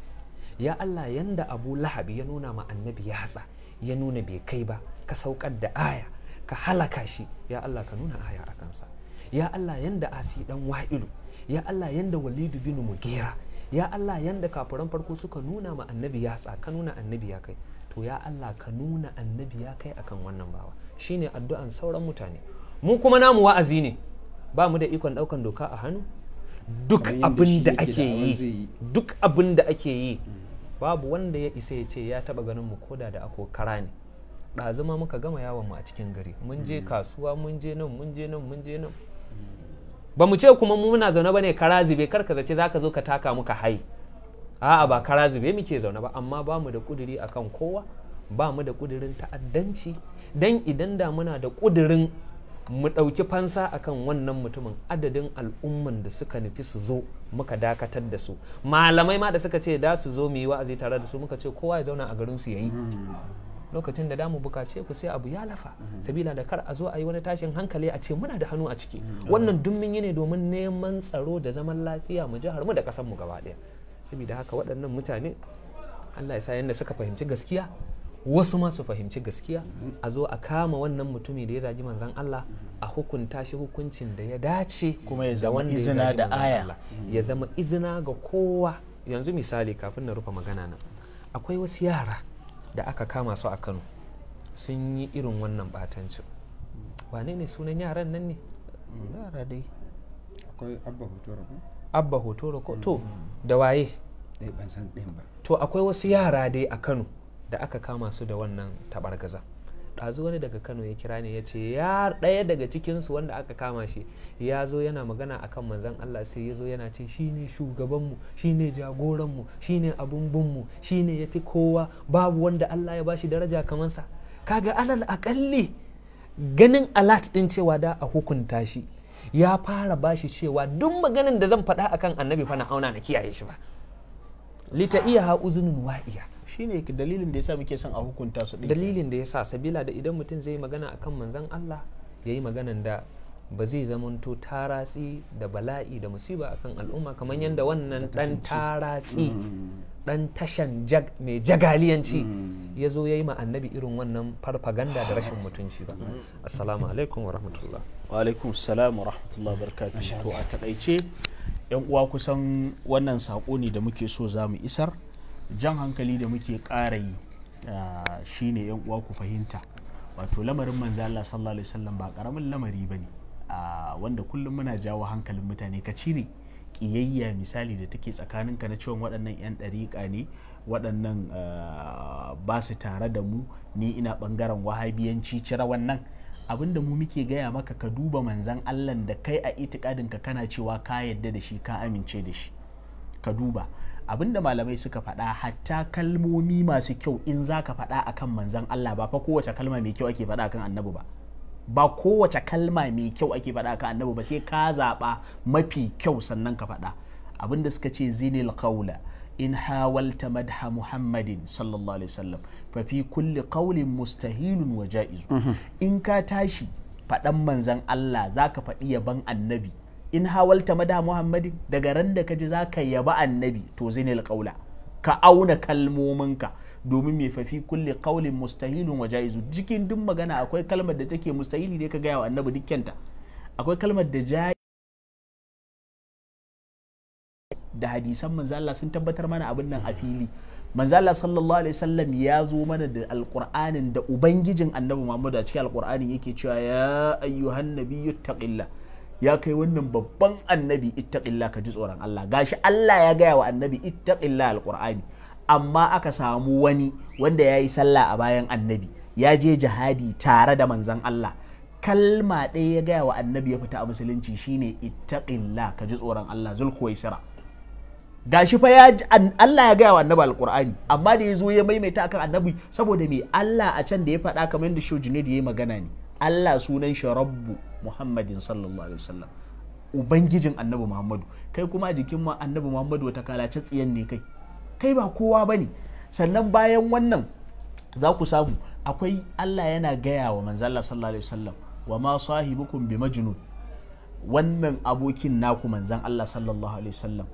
ya Allah yanda abu lahabi ya nuna ma annabi ya hatsa ya nuna bai kai ba ka saukar da aya ka halaka shi ya Allah ka nuna aya a kansa ya Allah yanda asi dan wa'ilu ya Allah yanda walidu mu gera ya Allah yanda kafiran farko suka nuna ma annabi ya ka nuna annabi ya kai to ya Allah ka nuna annabi ya kai akan wannan bawa shine addu'an sauran mutane mu kuma namu wa'azi ne ba mu da ikon daukan doka a hannu duk abin da ake yi duk abin da ake yi mm. babu wanda ya isa ya ce ya taba ganin mu koda da ako kara ne ɗazuma muka gama yawon mu a cikin gari mun je mm. kasuwa mun je nan mun je nan mun je nan mm. ba mu ce kuma mu muna zaune bane kara zube kar ka zace zaka zo ka taka muka hai a'a ba kara zube muke zaune ba amma ba mu da kuduri akan kowa ba mu da kudirin ta'addanci dan idan da muna da kudirin mu ɗauki fansa akan wannan mutumin adadin al'umman da suka nufi su zo muka dakatar da su malamai ma da suka ce da su zo mu yi wa'azi tare da su muka ce kowa ya zauna a garin su yayi hmm. lokacin da damu bukace ku sai abu ya lafa mhm. sabila da kar a zo a yi wani tashin hankali a ce muna da hannu a ciki mhm. wannan dummin yi ne domin neman tsaro da zaman lafiya mu jihar mu da kasar mu gaba ɗaya saboda haka waɗannan mutane Allah ya sa yanda suka fahimci gaskiya wasu ma su fahimci gaskiya mhm. a zo a kama wannan mutumi da ya zagi manzan Allah a hukunta shi hukuncin da ya dace kuma ya zama izina da aya ya zama izina ga kowa yanzu misali kafin na rufe magana nan akwai wasu yara da aka kama su a kano sun yi irin wannan batancin wane ne sunan yaran nan ne mm.
yara dai akwai abba hoto rako
abba hoto rako to mm. da waye eh, to akwai wasu yara dai a kano da aka kama su da wannan tabargaza zo wani daga kano ya kira ne ya ce ya ɗaya daga cikinsu wanda aka kama shi ya zo yana magana akan manzan allah sai ya zo yana ce shi ne shugabanmu shi ne jagoranmu shi ne abin shi ne ya fi kowa babu wanda allah ya bashi daraja kamansa kaga alal akalli ganin alat ɗin cewa da a hukunta shi ya fara bashi cewa duk maganin da zan faɗa akan annabi fa na auna na kiyaye shi ba lita iya ha uzunin wa'iya shine dalilin da yasa muke son a hukunta su dalilin da yasa sabila da idan mutum zai magana akan manzon Allah yayi maganan da ba zai zamanto taratsi da bala'i da musiba akan al'umma kamar mm. yadda wannan dan taratsi dan mm. tashan mai jagaliyanci mm. ya zo ya yi ma annabi irin wannan farfaganda da rashin mutunci ba assalamu alaikum wa rahmatullah wa
alaikum salam wa rahmatullah barakatuh to a takaice yan uwa kusan wannan sako ne da muke so za mu isar jan hankali da muke ƙara yi ah, shine yan uwa ku fahimta wato lamarin manzo Allah sallallahu alaihi wasallam ba karamin lamari bane ah, wanda kullum muna jawo hankalin mutane ka cire kiyayya misali da take ka na ciwon waɗannan 'yan ɗariƙa ne waɗannan ah, ba su tare da mu ni ina ɓangaren wahabiyanci cire wannan abin da mu muke gaya maka ka duba manzan Allah da kai a itikadin ka kana cewa ka yadda da shi ka amince da shi ka duba abinda malamai suka faɗa hatta kalmomi masu kyau in za ka faɗa akan manzan Allah ba fa kowace kalma mai kyau ake faɗa akan annabi ba ba kowace kalma mai kyau ake faɗa kan annabi ba sai ka zaɓa mafi kyau sannan ka faɗa abinda suka ce zinil qawla in hawalta madha muhammadin sallallahu alaihi wasallam fa fi kulli qawlin mustahilun wa ja'izun mhm. in ka tashi faɗan manzan Allah zaka faɗi yaban annabi in hawalta mada muhammadin daga ran da ka ji za ka yaba annabi to zai zinil qaula ka auna kalmominka domin mai fafi kulle kaulin mustahilun wa jaizu cikin duk magana akwai kalmar da take mustahili ne ka gaya wa annabi dukkanta akwai kalmar da ja da hadisan manzo sun tabbatar mana abin nan a fili Manzala Allah sallallahu alaihi wasallam ya zo mana da alqur'anin da ubangijin annabi Muhammadu a cikin alqur'ani yake cewa ya ayyuhan nabiyyu taqillah ya kai wannan babban annabi ittaqillah ka ji tsoron Allah gashi Allah ya gaya wa annabi ittaqillah alqur'ani amma aka samu wani wanda ya yi sallah a bayan annabi ya je jihadi tare da manzon Allah kalma ɗaya ya gaya wa annabi ya fita a musulunci shine ittaqillah ka ji tsoron Allah zulkuwaisira gashi fa ya Allah ya gaya wa annabi alqur'ani amma da ya zo ya maimaita akan annabi saboda me Allah a can da ya faɗa kamar yadda shojine da ya yi magana ne Allah sunan shi rabbu Muhammadin sallallahu alaihi wasallam ubangijin annabi Muhammadu kai kuma jikin ma annabi Muhammadu wata kalace tsiyan ne kai kai ba kowa bane sannan bayan wannan za ku samu akwai Allah yana gaya wa Allah sallallahu alaihi wasallam wa ma sahibukum bi majnun wannan abokin naku manzan Allah sallallahu alaihi wasallam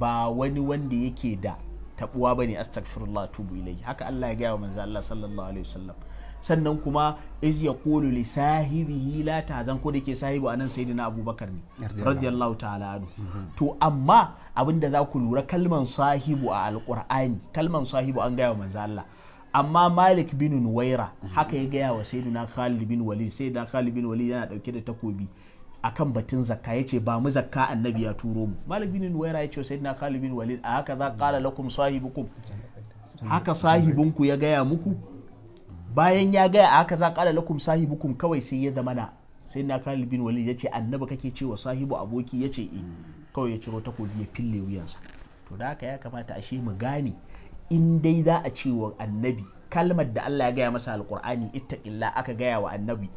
ba wani wanda yake da tabuwa bane astaghfirullah tubu ilai haka Allah ya gaya wa manzo Allah sallallahu alaihi wasallam sannan kuma iz kulu li sahibihi la tazan ko da sahibu anan sayyidina abubakar ne radiyallahu ta'ala anhu mhm. to amma abinda za ku lura kalman sahibu a alqur'ani kalman sahibu an gaya wa manzo Allah amma malik bin nuwaira mhm. haka ya gaya wa sayyidina khalid bin walid sayyidina khalid bin walid yana dauke da takobi akan batun zakka yace ba mu zakka annabi ya turo mu malik bin nuwaira yace sayyidina khalid bin walid a haka za qala lakum sahibukum haka sahibunku ya gaya muku bayan ya gaya a haka za ƙala lakum sahibukum kawai sai ya zamana sai na kalil bin wali ya ce annaba kake cewa sahibu aboki ya ce eh kawai ya ciro ta takobi ya fille wuyansa to da haka ya kamata ashe mu gane in dai za a ce wa annabi kalmar da Allah ya gaya masa alqur'ani illa aka gaya wa annabi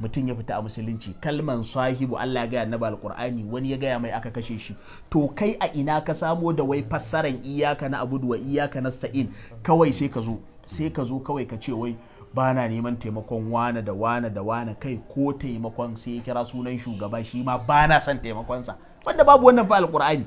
mutum ya fita a musulunci kalman sahibu Allah ya gaya annabi alqur'ani wani ya gaya mai aka kashe shi to kai a ina ka samo da wai fassaran iyaka na abudu wa iyaka nasta'in kawai sai ka zo sai ka zo kawai ka ce wai ba na neman taimakon wane da wane da wane kai ko taimakon sai ya kira sunan shugaba shi ma ba na son taimakonsa wanda babu wannan fa alkur'ani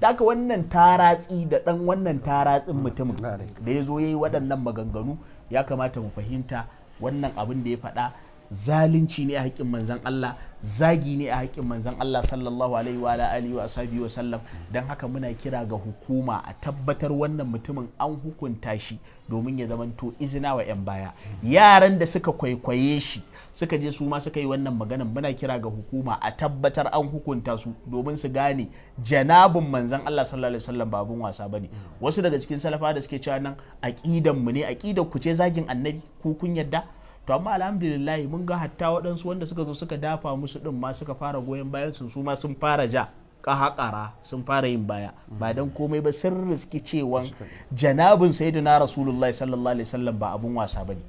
da wannan taratsi da dan wannan taratsin mutumin da ya zo ya yi waɗannan maganganu ya kamata mu fahimta wannan abin da ya faɗa zalunci ne a haƙƙin manzan Allah zagi ne a haƙƙin manzan Allah sallallahu alaihi wa alihi wa ashabi wa sallam dan haka muna kira ga hukuma a tabbatar wannan mutumin an hukunta shi domin ya zamanto izina wa yan baya yaran da suka kwaikwaye shi suka je su ma suka yi wannan magana, muna kira ga hukuma a tabbatar an hukunta su domin su gane janabin manzan Allah sallallahu alaihi wa sallam babun wasa bane wasu daga cikin salafa da suke cewa nan aqidan mu ne aqidan ku ce zagin annabi ku kun yadda to amma alhamdulillah mun ga hatta waɗansu wanda suka zo suka dafa musu ɗin ma suka fara goyon bayan su su ma sun fara ja kahakara sun fara yin baya ba mm. dan komai ba sun riski cewan janabin sayyidina rasulullahi sallallahu alaihi wasallam ba abun wasa bane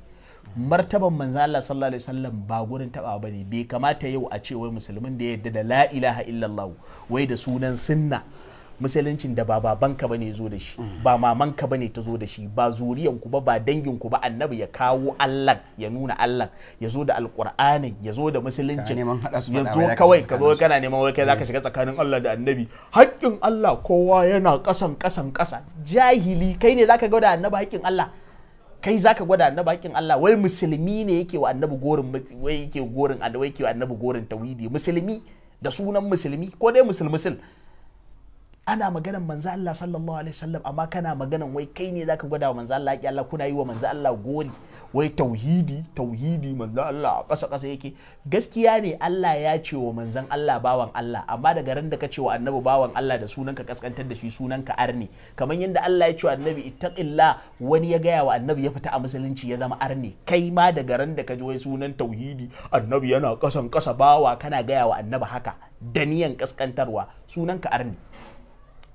martaban manzo Allah sallallahu alaihi wasallam ba gurin taba bane bai kamata yau a ce wai musulmin da ya yarda da la ilaha illallah wai da sunan sunna musuluncin da ba babanka bane zo da shi mm. ba ka bane ta zo da shi ba zuriyan ku ba ba dangin ku ba annabi ya kawo Allah ya nuna Allah ya zo da alqur'ani ya zo da musuluncin ya zo kawai ka zo kana neman wai kai zaka mm. shiga tsakanin Allah da annabi haƙƙin Allah kowa yana kasan kasan kasa jahili kai ne zaka ga da annabi haƙƙin Allah kai zaka gwada annabi hakin Allah wai musulmi ne yake wa annabi gorin wai yake gorin wai yake wa annabi gorin tawhidi musulmi da sunan musulmi ko dai musulmusul ana maganan manzo Allah sallallahu alaihi wasallam amma kana maganan wai kai ne zaka gwada wa manzo Allah ki Allah kuna yi wa manzo Allah gori wai tauhidi tauhidi manzo Allah a ƙasa ƙasa yake gaskiya ne Allah ya ce wa manzon Allah bawan Allah amma daga ran da ka ce wa annabi bawan Allah da sunanka kaskantar da shi sunanka arne kamar yadda Allah ya ce wa annabi ittaqilla wani ya gaya wa annabi ya fita a musulunci ya zama arne kai ma daga ran da ka ji wai sunan tauhidi annabi yana ƙasan ƙasa bawa kana gaya wa annabi haka daniyan kaskantarwa sunanka arne.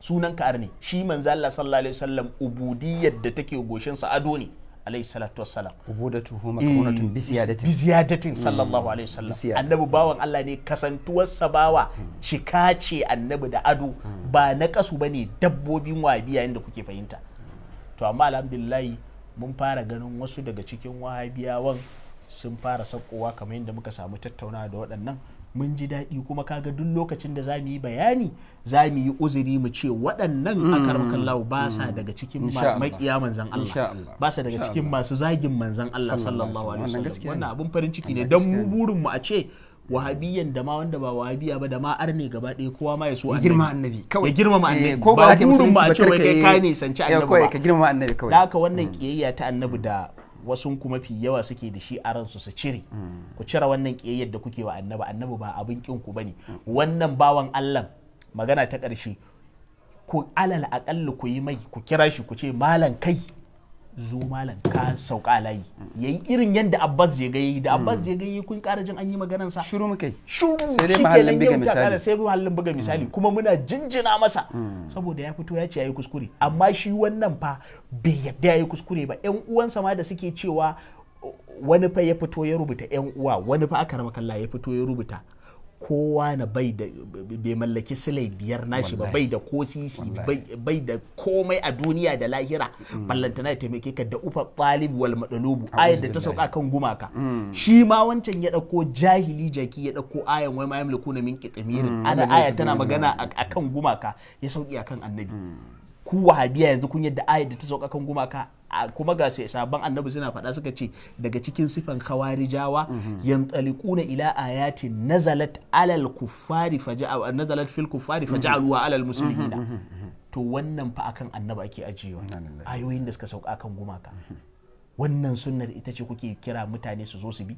sunan ka arne shi manzo Allah sallallahu alaihi wasallam ubudiyyar da take goshin sa ado ne alaihi salatu wassalam ubudatuhu makunatun bi eh, ziyadatin bi ziyadatin sallallahu alaihi wasallam annabi bawan Allah ne kasantuwar sa bawa cika ce annabi da ado ba na kasu bane dabbobin wahabiya da kuke fahimta to amma alhamdulillah mun fara ganin wasu daga cikin wahabiyawan sun fara sakowa kamar yadda muka samu tattauna da waɗannan mun ji daɗi kuma kaga duk lokacin da za mu yi bayani za mu yi uzuri mu ce waɗannan mm. a karmakan ba sa mm. daga cikin maƙiya manzan Allah ba sa daga cikin masu zagin manzan Allah sallallahu alaihi wasallam wannan abun farin ciki ne dan mu burin mu a ce wahabiyan da ma wanda ba wahabiya ba da ma arne gaba ɗaya kowa ma ya so annabi girma annabi kawai ya girma annabi eh, ko ba ka musulunci ba kai ka ne sance annabi ba ka girma annabi kawai da haka wannan mm. kiyayya ta annabi da wasu kuma mafi yawa suke da shi a ransu su cire ku cire wannan kiyayyar da kuke wa annabi annabi ba abin kin ku bane wannan bawan Allah magana ta ƙarshe ku alal aƙalla ku yi mai ku kira shi ku ce malam kai zo malam ka sauka layi yayi irin yadda Abbas je gayi da hmm. Abbas je gayi kun kara jin an yi maganar sa shiru muke sai dai mahallin buga misali sai dai mahallin buga hmm. misali kuma muna jinjina masa hmm. saboda ya fito ya ce yayi kuskure amma shi wannan fa bai yadda yayi kuskure ba ƴan uwansa ma da suke cewa wani fa ya fito ya rubuta yan uwa wani fa aka rama kalla ya fito ya rubuta kowa na bai da bai mallaki silai biyar nashi ba bai da ko sisi bai da komai a duniya da lahira mm. ballantana ya taimake ka da ufa qalib wal madalubu ayat mm. mm, da ta sauka kan gumaka shi ma wancan ya dauko jahili jaki ya dauko ayan wai ma yamlikuna min qitmirin ana aya tana magana akan gumaka ya sauki akan annabi ku wahabiya yanzu kun yadda ayat da ta sauka kan gumaka kuma ga sai sabon annabi suna faɗa suka ce daga cikin sifan jawa yantalikuna ila ayati nazalat alal kuffari faja'a nazalat fil kuffari faja'alu alal muslimin to wannan fa akan annabi ake ajiyewa ayoyin da suka sauka kan gumaka wannan sunnar ita ce kuke kira mutane su zo su bi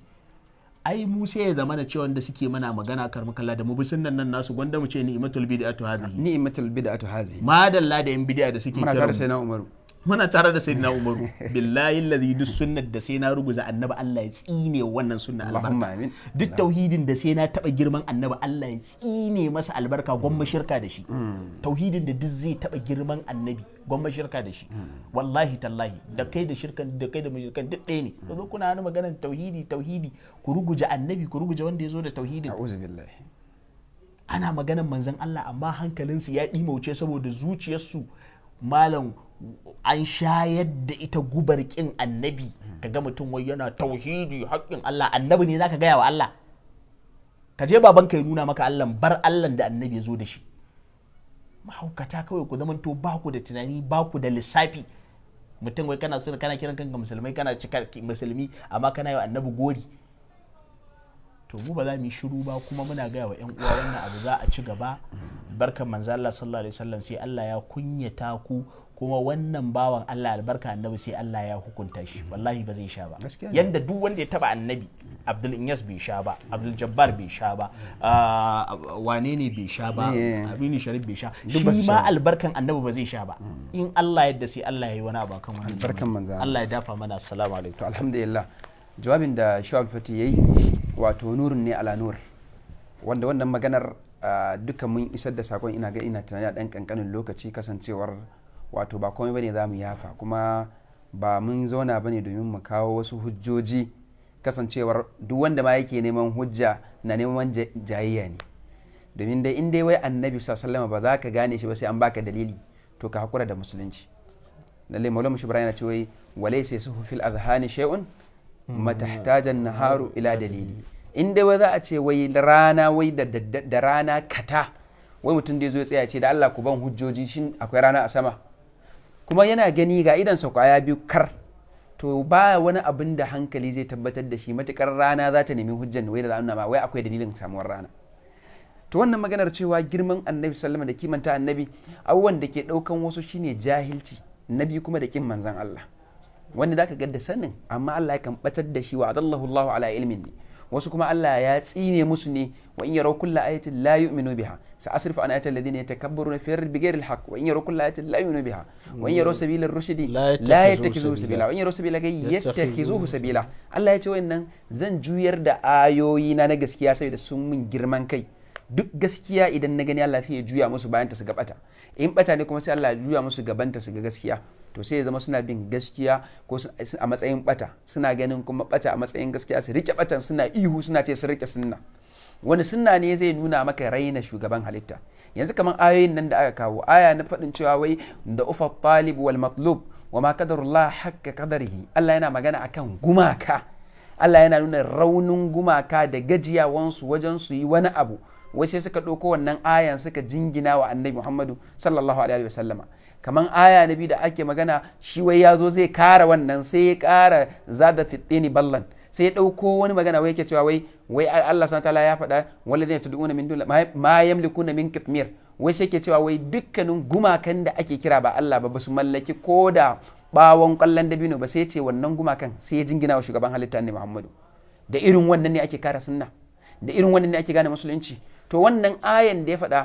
ai mu sai ya zama cewa da suke mana magana kar makalla da mu bi sunnan nan nasu gwanda mu ce ni'matul bid'atu hadhihi ni'matul bid'atu hadhihi madalla da yan bid'a da suke kira muna sai na umaru muna tare da sayyidina umaru billahi alladhi duk sunnar da sai na ruguza annabi Allah ya tsine wannan sunna albarka duk tauhidin da sai na taba girman annabi Allah ya tsine masa albarka gwamma shirka da shi hmm. tauhidin da duk zai taba girman annabi gwamma shirka da shi hmm. wallahi tallahi da kai da shirkan da kai da mushrikan duk ɗaya ne kaga hmm. kuna wani maganar tauhidi tauhidi ku ruguje annabi ku ruguje wanda ya zo da tauhidin a'udhu billahi ana maganar manzon Allah amma hankalinsu ya ɗimauce saboda zuciyarsu malam an shayar da ita gubar kin annabi Ka ga mutum wai yana tauhidi haƙƙin Allah annabi ne zaka gaya wa Allah ka je baban ka ya nuna maka Allah bar Allah da annabi ya zo da shi mahaukata kawai ku zamanto ba ku da tunani ba ku da lissafi mutum wai kana suna kana kiran kanka musulmai kana cika musulmi amma kana yi annabi gori to mu ba za mu yi shiru ba kuma muna gaya wa yan uwa wannan abu za a ci gaba barkan manzo Allah sallallahu alaihi wasallam sai Allah ya kunyata ku kuma wannan bawan Allah albarka annabi sai Allah ya hukunta shi wallahi ba zai sha ba yanda duk wanda ya taba annabi Abdul Inyas bai sha ba Abdul Jabbar bai sha ba ah, wane ne bai sha ba Aminu Sharif bai sha shi ma albarkan annabi ba zai sha ba hmm. in Allah
yadda sai Allah ya yi wani abu kan albarkan manza Allah ya dafa mana assalamu alaikum to alhamdulillah jawabin da Shu'ab Fati yayi wato nurun ne ala nur wanda wannan maganar ah, duka mun isar da sakon ina ga ina tunani a dan kankanin lokaci kasancewar wato ba komai bane za mu yafa kuma ba mun zauna bane domin mu kawo wasu hujjoji kasancewar duk wanda ma yake neman hujja na neman jayayya ne domin dai in dai wai annabi sallama ba za ka gane shi ba sai an baka dalili to ka hakura da musulunci lalle maula mushi ibrahim ce wai walai sai su fil azhani shay'un matahtajan naharu ila dalili in dai wai za a ce wai rana wai da rana kata wai mutum dai zo ya tsaya ce da Allah ku ban hujjoji shin akwai rana a sama kuma yana gani ga sa kwaya biyu kar to ba wani abin da hankali zai tabbatar da shi matukar rana za ta nemi hujjan wai da nuna ma wai akwai dalilin samuwar rana to wannan maganar cewa girman annabi sallama da kimanta annabi abubuwan da ke daukan wasu shine jahilci nabi kuma da kin manzon Allah wanda zaka ga da sanin amma Allah ya kan batar da shi wa adallahu Allah ala ilmin ne wasu kuma Allah ya tsine musu ne wa in yaro kulla ayatin la yu'minu biha sa asrifu an ayatil alladhina yatakabbaruna fi ardi bighayri alhaq wa in yaro kulla ayatin la yu'minu biha wa in yaro sabila ar-rushdi la yattakizuhu sabila wa in yaro sabila gay yattakizuhu sabila Allah ya ce wayannan zan juyar da ayoyi na na gaskiya saboda sun min girman kai duk gaskiya idan na gani Allah sai ya juya musu bayan ta su gabata in bata ne kuma sai Allah ya juya musu gabanta su ga gaskiya to sai ya zama suna bin gaskiya ko a matsayin bata suna ganin kuma bata a matsayin gaskiya su rike batan suna ihu suna ce su rike sunna wani sunna ne zai nuna maka raina shugaban halitta yanzu kamar ayoyin nan da aka kawo aya na faɗin cewa wai da ufa talib wal matlub wa ma qadarullah hakka qadarihi Allah yana magana akan gumaka Allah yana nuna raunin gumaka da gajiyawansu wajen su yi wani abu wai sai suka ɗauko wannan ayan suka jingina wa annabi muhammadu sallallahu alaihi wa sallama kaman aya na biyu da ake magana shi wai ya zo zai kara wannan sai ya kara zada ni ballan sai ya ɗauko wani magana wai yake cewa wai wai Allah sana ta'ala ya faɗa wala da tud'una min dun ma yamlikuna min kitmir wai sai ke cewa wai dukkanin gumakan da ake kira ba Allah ba basu mallaki ko da bawon kallon dabino ba sai ya ce wannan gumakan sai ya jingina wa shugaban halitta ne Muhammadu da irin wannan ne ake kara sunna da irin wannan ne ake gane musulunci to wannan ayan da ya faɗa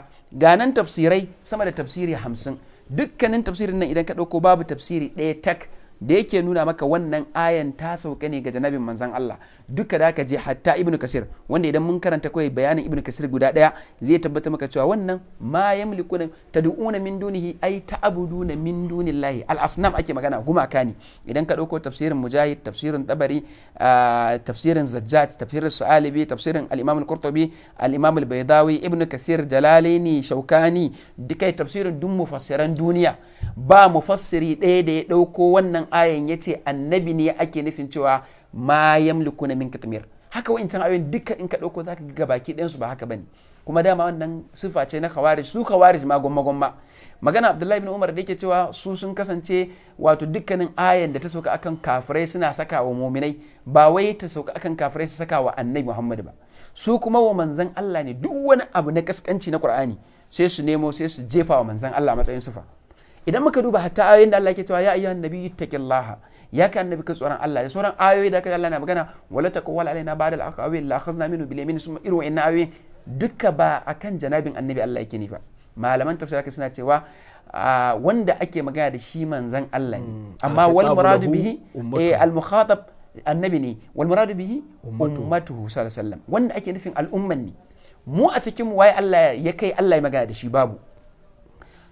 nan tafsirai sama da tafsiri hamsin dukkanin tafsirin nan idan ka ɗauko babu tafsiri ɗaya tak da yake nuna maka wannan ayan ta sauka ne ga janabin manzan Allah duka da ka je hatta ibnu kasir wanda idan mun karanta kawai bayanin ibnu kasir guda daya zai tabbata maka cewa wannan ma yamlikuna tad'una min dunihi ay ta'buduna min dunillahi al asnam ake magana guma ne idan ka dauko tafsirin mujahid tafsirin tabari tafsirin zajjaj tafsirin su'alibi tafsirin al imam al qurtubi al imam al baydawi ibnu kasir jalalaini shaukani dukai tafsirin dun mufassiran duniya ba mufassiri ɗaya da ya dauko wannan ayan ya ce annabi ne ake nufin cewa ma yamliku na min katmir haka wancan ayoyin duka in ka ɗauko za ka ga baki ɗayansu ba haka ba ne kuma dama wannan sifa ce na khawarij su khawarij ma gwamma gwamma magana abdullahi bin umar da yake cewa su sun kasance wato dukkanin ayan da ta sauka akan kafirai suna saka wa muminai ba wai ta sauka akan kafirai su saka wa annabi muhammad ba su kuma wa manzan allah ne duk wani abu na kaskanci na qur'ani sai su nemo sai su jefa wa manzan allah matsayin sufa idan muka duba hatta ayoyin da Allah ke cewa ya ayyuhan nabiyyu taqillaha ya ka annabi ka tsoron Allah da sauran ayoyi da kaji Allah na magana wala wala alaina ba'da al-aqawi la khazna minhu bil yamin summa iru inna ayoyin duka ba akan janabin annabi Allah yake nifa malaman tafsira suna cewa ah, wanda ake magana da shi manzan Allah ne hmm. amma wal muradu bihi eh, al mukhatab annabi ne wal muradu bihi ummatuhu sallallahu alaihi wasallam wanda ake nufin al'umman ne mu a cikin waye Allah ya kai Allah ya magana da shi babu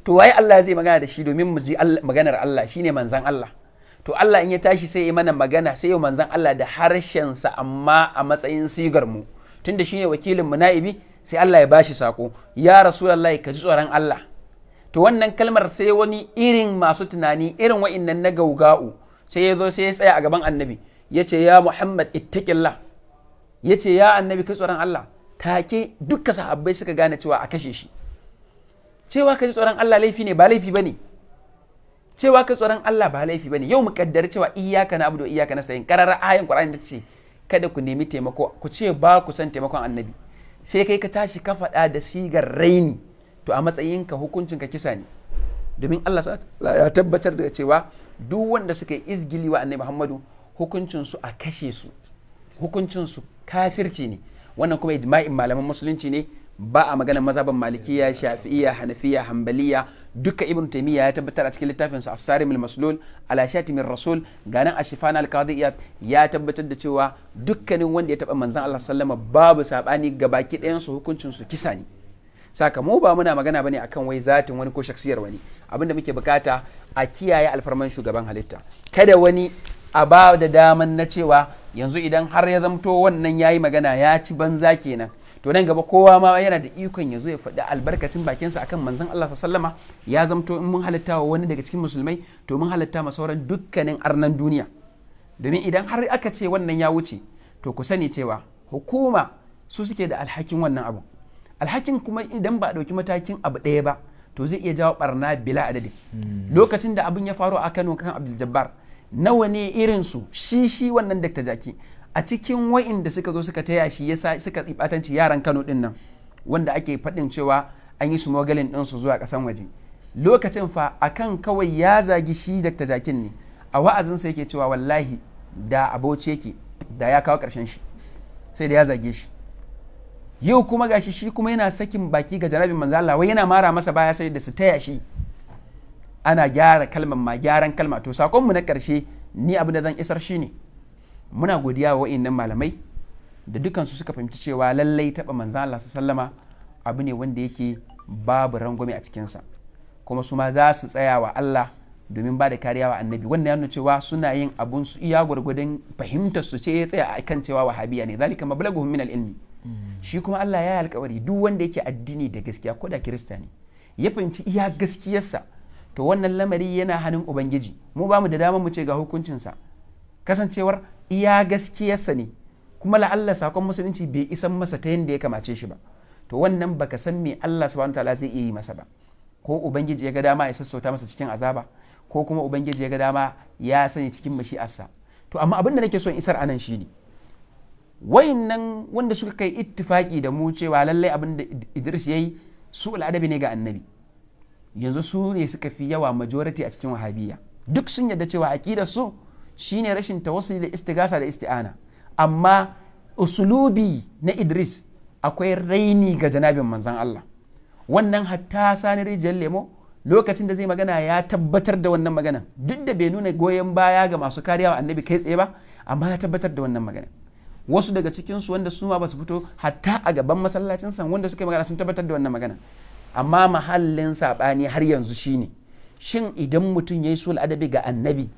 to waye Allah zai magana da shi domin mu ji maganar Allah shine manzan Allah to Allah in ya tashi sai ya mana magana sai ya manzan Allah da harshensa amma a matsayin sigar mu tunda shine wakilin mu na'ibi sai Allah ya bashi sako ya rasulullahi ka ji tsoron Allah to wannan kalmar sai wani irin masu tunani irin wa'innan na gauga'u sai ya zo sai ya tsaya a gaban annabi ya ce ya Muhammad ittaqillah ya ce ya annabi ka tsoron Allah take dukka sahabbai suka gane cewa a kashe shi cewa ka ji tsoron Allah laifi ne ba laifi bane cewa ka tsoron Allah ba laifi bane yau mu kaddara cewa iyyaka na'budu iyaka na nasta'in karara ayan Qur'ani ta ce kada ku nemi taimako ku ce ba ku san taimakon annabi sai kai ka tashi ka faɗa da sigar raini to a matsayin ka hukuncin ka kisa ne domin Allah ya tabbatar da cewa duk wanda suka yi izgili wa annabi Muhammadu hukuncinsu a kashe su hukuncinsu kafirci ne wannan kuma ijma'in malaman musulunci ne ba a magana mazhaban malikiya shafi'iyya hanafiya hambaliya. duka ibn taymiya ya tabbatar a cikin littafin sa as-sarim al-maslul ala rasul ganan ashifan al-qadiyat ya tabbatar da cewa dukkanin wanda ya taba manzon Allah sallama babu sabani baki ɗayan su hukuncin su kisa ne sakamo ba muna magana bane akan wai zatin wani ko shaksiyar wani abinda muke bukata a kiyaye alfarman shugaban halitta kada wani a ba da daman na cewa yanzu idan har ya zamto wannan yayi magana ya ci banza kenan to nan gaba kowa ma yana da ikon ya zo ya faɗi albarkacin bakinsa akan manzon Allah sallama ya zamto in mun halitta wa wani daga cikin musulmai to mun halitta ma sauran dukkanin arnan duniya domin idan har aka ce wannan ya wuce to ku sani cewa hukuma su suke da alhakin wannan abu alhakin kuma idan ba a ɗauki matakin abu ɗaya ba to zai iya jawo barna bila adadi hmm. lokacin da abin ya faru a Kano kan Abdul Jabbar nawa ne irin su shi shi wannan Dr. Jaki a cikin wa'inda suka zo suka taya shi yasa suka tsibatanci yaran Kano din nan wanda ake faɗin cewa an yi smuggling din su zuwa ƙasan waje lokacin fa akan kawai ya zagi shi Dr. Jakin ne a wa'azin sa yake cewa wallahi da abauci yake da ya kawo ƙarshen shi sai da ya zage shi yau kuma gashi shi kuma yana sakin baki ga jarabin manzo Allah wai yana mara masa baya sai da su taya shi ana gyara kalmar ma gyaran kalma to sakonmu na karshe ni abin da zan isar shi ne muna godiya wa waɗannan malamai da dukansu suka fahimci cewa lallai taɓa manzan Allah sallama abu ne wanda yake babu rangwame a cikinsa kuma su ma za su tsaya wa Allah domin ba da kariya wa annabi wanda ya nuna cewa suna yin abun su iya gwargwadon fahimtar su ce ya tsaya a kan cewa wahabiya ne zalika mablaguhum min al-ilmi mm. shi kuma Allah ya yi alkawari duk wanda yake addini da gaskiya ko da kirista ne ya fahimci iya gaskiyarsa to wannan lamari yana hannun ubangiji mu bamu da damar mu ce ga hukuncinsa kasancewar iya gaskiyarsa ne kuma la'alla sakon musulunci bai isan masa ta yadda ya kamace shi ba to wannan baka san me Allah subhanahu ta'ala zai iya yi masa ba ko ubangiji ya ga dama ya sassauta masa cikin azaba ko kuma ubangiji ya ga dama ya sani cikin mashi'arsa to amma abin da nake son isar anan shi ne wayannan wanda suka kai ittifaki da mu cewa lallai abin da Idris yayi su al'adabi ne ga annabi yanzu su ne suka fi yawa majority a cikin wahabiyya duk sun yarda cewa aqidar su Shi ne rashin tawassuli da istigasa da isti'ana amma usulubi na Idris akwai raini ga janabin manzan Allah wannan hatta sani rijiyar lemo lokacin da zai magana ya tabbatar da wannan magana duk da bai nuna goyon baya ga masu kariya wa annabi kai tsaye ba amma ya tabbatar da wannan magana wasu daga cikinsu wanda su ma ba su fito hatta a gaban masallacin san wanda suka magana sun tabbatar da wannan magana amma mahallin saɓani har yanzu shine shin idan mutum ya yi sul adabi ga annabi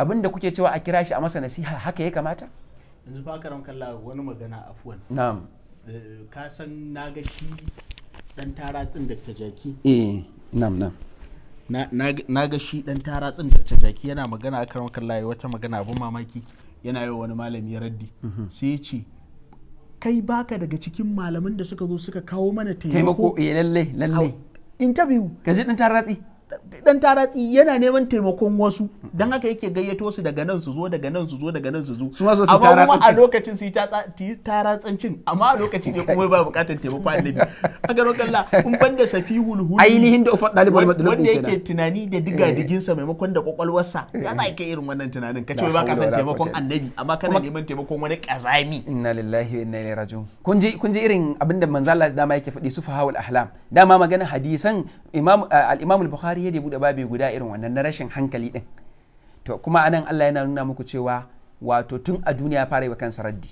abin da kuke cewa a kira shi a masa nasiha haka ya kamata
yanzu ba karan kalla wani magana afuwan na'am eh, ka san na ga shi dan taratsin da ta
jaki eh na'am
na'am na ga shi dan taratsin da ta jaki yana magana a karan kalla wata magana abin mamaki yana yi wani malami raddi
mhm. sai ya ce
kai baka daga cikin malaman da suka zo suka kawo mana taimako
eh lalle lalle interview ka ji dan taratsi
dan taratsi yana neman taimakon wasu don haka yake gayyato su daga nan su zo daga nan su zo daga nan su zo amma kuma a lokacin su yi taratsancin amma a lokacin ne kuma ba bukatar taimakon annabi a garo kalla kun banda da safihul hulu ainihin da ɗalibar matsalolin wanda yake tunani da diga diginsa eh. maimakon
da kwakwalwarsa ya za ka irin wannan tunanin ka ce ba ka san taimakon annabi amma kana neman taimakon wani kazami inna lillahi wa inna ilaihi raji'un kun ji kun ji irin abinda manzo Allah dama yake faɗi su fahawul ahlam dama magana hadisan imam eh, al-imam al-bukhari har ya bude babi guda irin wannan na rashin hankali din to kuma anan Allah yana nuna muku cewa wato tun a duniya fara yi wa kansa raddi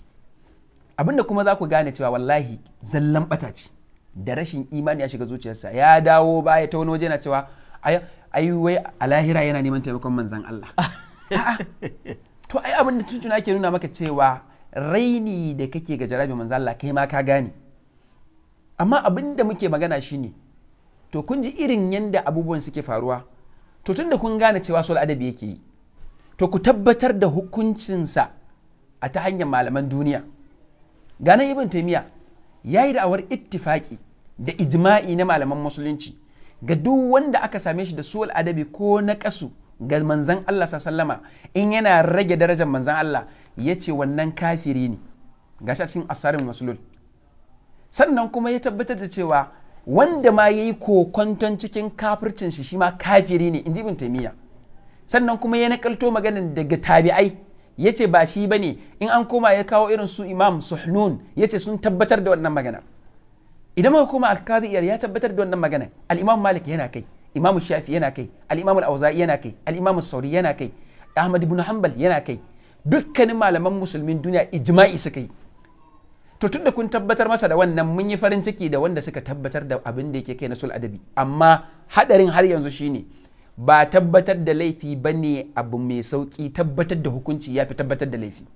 abinda kuma za ku gane cewa wallahi zallan bata ce da rashin imani ya shiga zuciyarsa ya dawo baya ta wani waje na cewa ai wai a lahira yana neman taimakon manzan Allah (laughs) to ai abin da tuntuna ke nuna maka cewa raini da kake ga jarabi manzan Allah kai ma ka gane amma abin da muke magana shine to kun ji irin yadda abubuwan suke faruwa to tun da kun gane cewa sul adabi yake yi to ku tabbatar da hukuncinsa a ta hanyar malaman duniya ganin ibn taimiya ya yi da'awar ittifaki da ijma'i na malaman musulunci ga duk wanda aka same shi da sul adabi ko na kasu ga manzan Allah sallama in yana rage darajar manzan Allah ya ce wannan kafiri ne shi a cikin asarin musulun. sannan kuma ya tabbatar da cewa wanda ma ya yi kokonton cikin kafircin shi ma kafiri ne inji ibn taimiyya sannan kuma ya nakalto maganan daga tabi'ai yace ba shi ba ne in an koma ya kawo irin su imam suhnun yace sun tabbatar da wannan magana idan ma koma al ya tabbatar da wannan magana alimam malik yana kai imam shafi yana kai al al'auza yana kai alimam sauri yana kai ahmad ibn yana kai dukkanin malaman musulmin duniya ijma'i suka yi to tunda kun tabbatar masa da wannan mun yi farin ciki da wanda suka tabbatar da abin da yake kai na sul adabi amma hadarin har yanzu shine ba tabbatar da laifi ba ne abu mai sauƙi tabbatar da hukunci ya fi tabbatar da laifi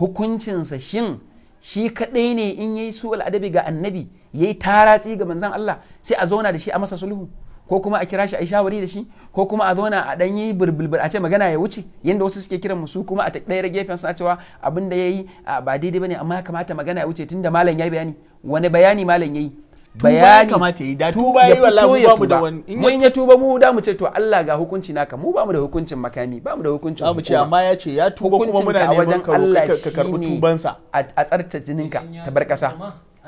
hukuncinsa shin shi kaɗai ne in yayi su adabi ga annabi yayi taratsi ga manzon Allah sai a zauna da shi a masa sulhu ko kuma a kira shi a yi shawari da shi ko kuma a zauna a ɗanyi yi a ce magana ya wuce yadda wasu suke kiran su kuma a ɗaya gefen sa cewa abin da yi ba daidai bane amma kamata magana ya wuce tun da malam ya yi bayani wani bayani malam yi bayani kamata yi da tuba yi wallahi ba mu da wani mun ya tuba mu da mu ce to Allah ga hukunci naka mu ba mu da hukuncin makami ba mu da hukuncin hukuma ce amma ya ce ya tuba kuma muna neman ka karɓi tubansa a tsarta jininka ta bar kasa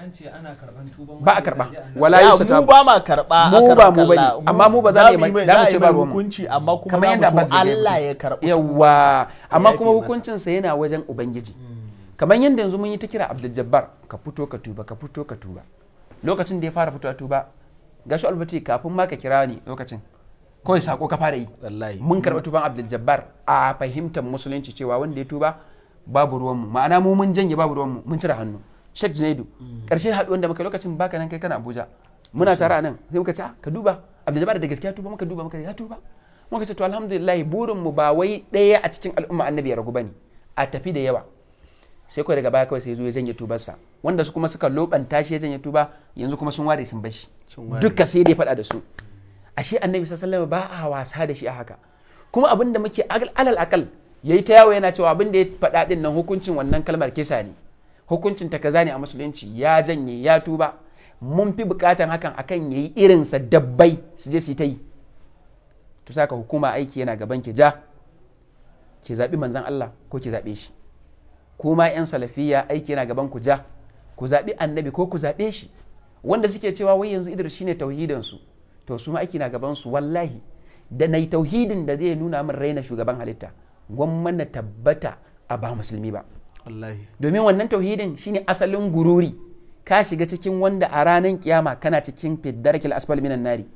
an ce ana karban tuban ba
a karba wala ya mu ba ma karba mu ba mu bane amma mu ba za mu yi da mu ce ba ruwan
hukunci amma kuma kamar yanda Allah
ya karba yawa amma kuma hukuncin sa yana wajen ubangiji hmm. kamar yanda yanzu mun yi ta kira Abdul Jabbar ka fito ka tuba ka fito ka tuba lokacin da ya fara fito a tuba gashi albati kafin ma ka kira ni lokacin kawai sako ka fara yi mun karba tuban abdul jabbar a fahimtar musulunci cewa wanda ya tuba babu mu ma'ana mu mun janye babu mu mun cire hannu Sheikh Junaidu hmm. karshe haɗuwan da muka lokacin baka nan kai kana Abuja muna tare nan sai muka ce ah, ka duba Abdul Jabbar da gaskiya tuba muka duba muka ya tuba muka ce to alhamdulillah burin mu ba wai ɗaya a cikin al'umma annabi ya ragu bane a tafi da yawa sai kawai daga baya kawai sai zo ya janye tubarsa wanda su kuma suka loban tashi ya janye tuba yanzu kuma sun ware sun bashi duka sai dai faɗa da su ashe annabi sallallahu alaihi ba a wasa da shi a haka kuma abin da muke alal akal yayi ta yawo yana cewa abin da ya faɗa din nan hukuncin wannan kalmar kisa ne hukuncin ta kaza ne a musulunci ya janye ya tuba mun fi bukatan hakan akan yayi irinsa dabbai su je su ta yi to saka hukuma aiki yana gaban ki ja ki zaɓi manzan Allah ko ki zaɓe shi kuma 'yan salafiya aiki yana gaban ku ja ku zaɓi annabi ko ku zaɓe shi wanda suke cewa wai yanzu idris shine tauhidinsu to su ma aiki na gaban su wallahi da nai tauhidin da zai nuna min raina shugaban halitta gwamma tabbata a ba musulmi ba domin wannan tauhidin shine asalin gururi ka shiga cikin wanda a ranar kiyama kana cikin fiddarkil asfal minan nari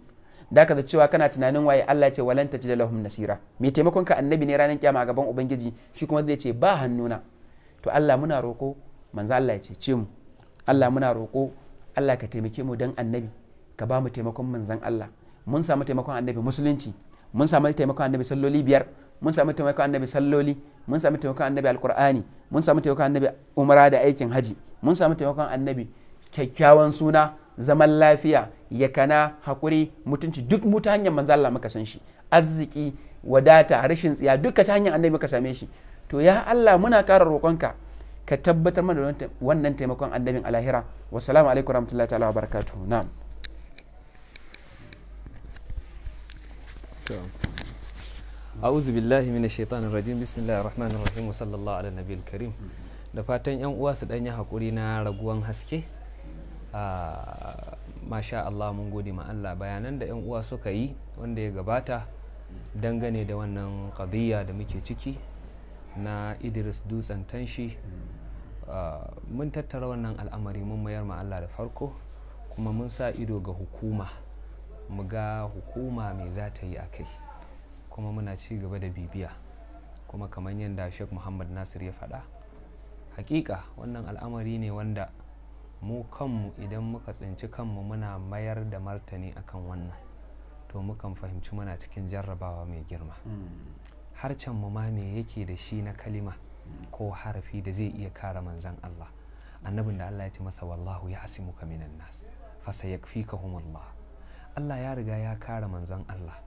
da ka cewa kana tunanin waye Allah ce walan tajida lahum nasira mai taimakon ka annabi ne ranar kiyama gaban ubangiji shi kuma zai ce ba hannuna to Allah muna roko manzo Allah ya ce mu Allah muna roko Allah ka taimake mu dan annabi ka ba mu taimakon manzon Allah mun samu taimakon annabi musulunci mun samu taimakon annabi salloli biyar mun samu taimakon annabi salloli mun samu taimakon annabi alkur'ani mun samu taimakon annabi umara da aikin haji mun samu taimakon annabi kyakkyawan suna zaman lafiya yakana hakuri mutunci duk mu ta hanyar manzo Allah muka san shi arziki wadata rashin tsiya duka ta hanyar annabi muka same shi to ya Allah muna kara roƙonka ka tabbatar mana da wannan taimakon annabin alahira wasalamu alaikum warahmatullahi ta'ala wabarakatuh na'am
a'udhu billahi minash shaitanir rajim bismillahir rahmanir rahim sallallahu ala nabiyil karim da fatan yan uwa su dan yi hakuri na raguwan haske ah, masha Allah mun gode ma Allah bayanan da yan uwa suka yi wanda ya gabata dangane da wannan qadiyya da muke ciki na Idris Dutsen Tanshi ah, mun tattara wannan al'amari mun mayar ma Allah da farko kuma mun sa ido ga hukuma mu ga hukuma me za ta yi a kai kuma muna ci gaba da bibiya kuma kamar yadda sheikh muhammad nasir ya faɗa hakika wannan al'amari ne wanda mu kanmu idan muka tsinci kanmu muna mayar da martani akan wannan to mukan fahimci muna cikin jarrabawa mai girma hmm. harcen mu ma me yake da shi na kalima hmm. ko harafi da zai iya kara manzan Allah annabin da Allah ya ce masa wallahu ya asimuka minan nas fa ka Allah ya riga ya kara manzon Allah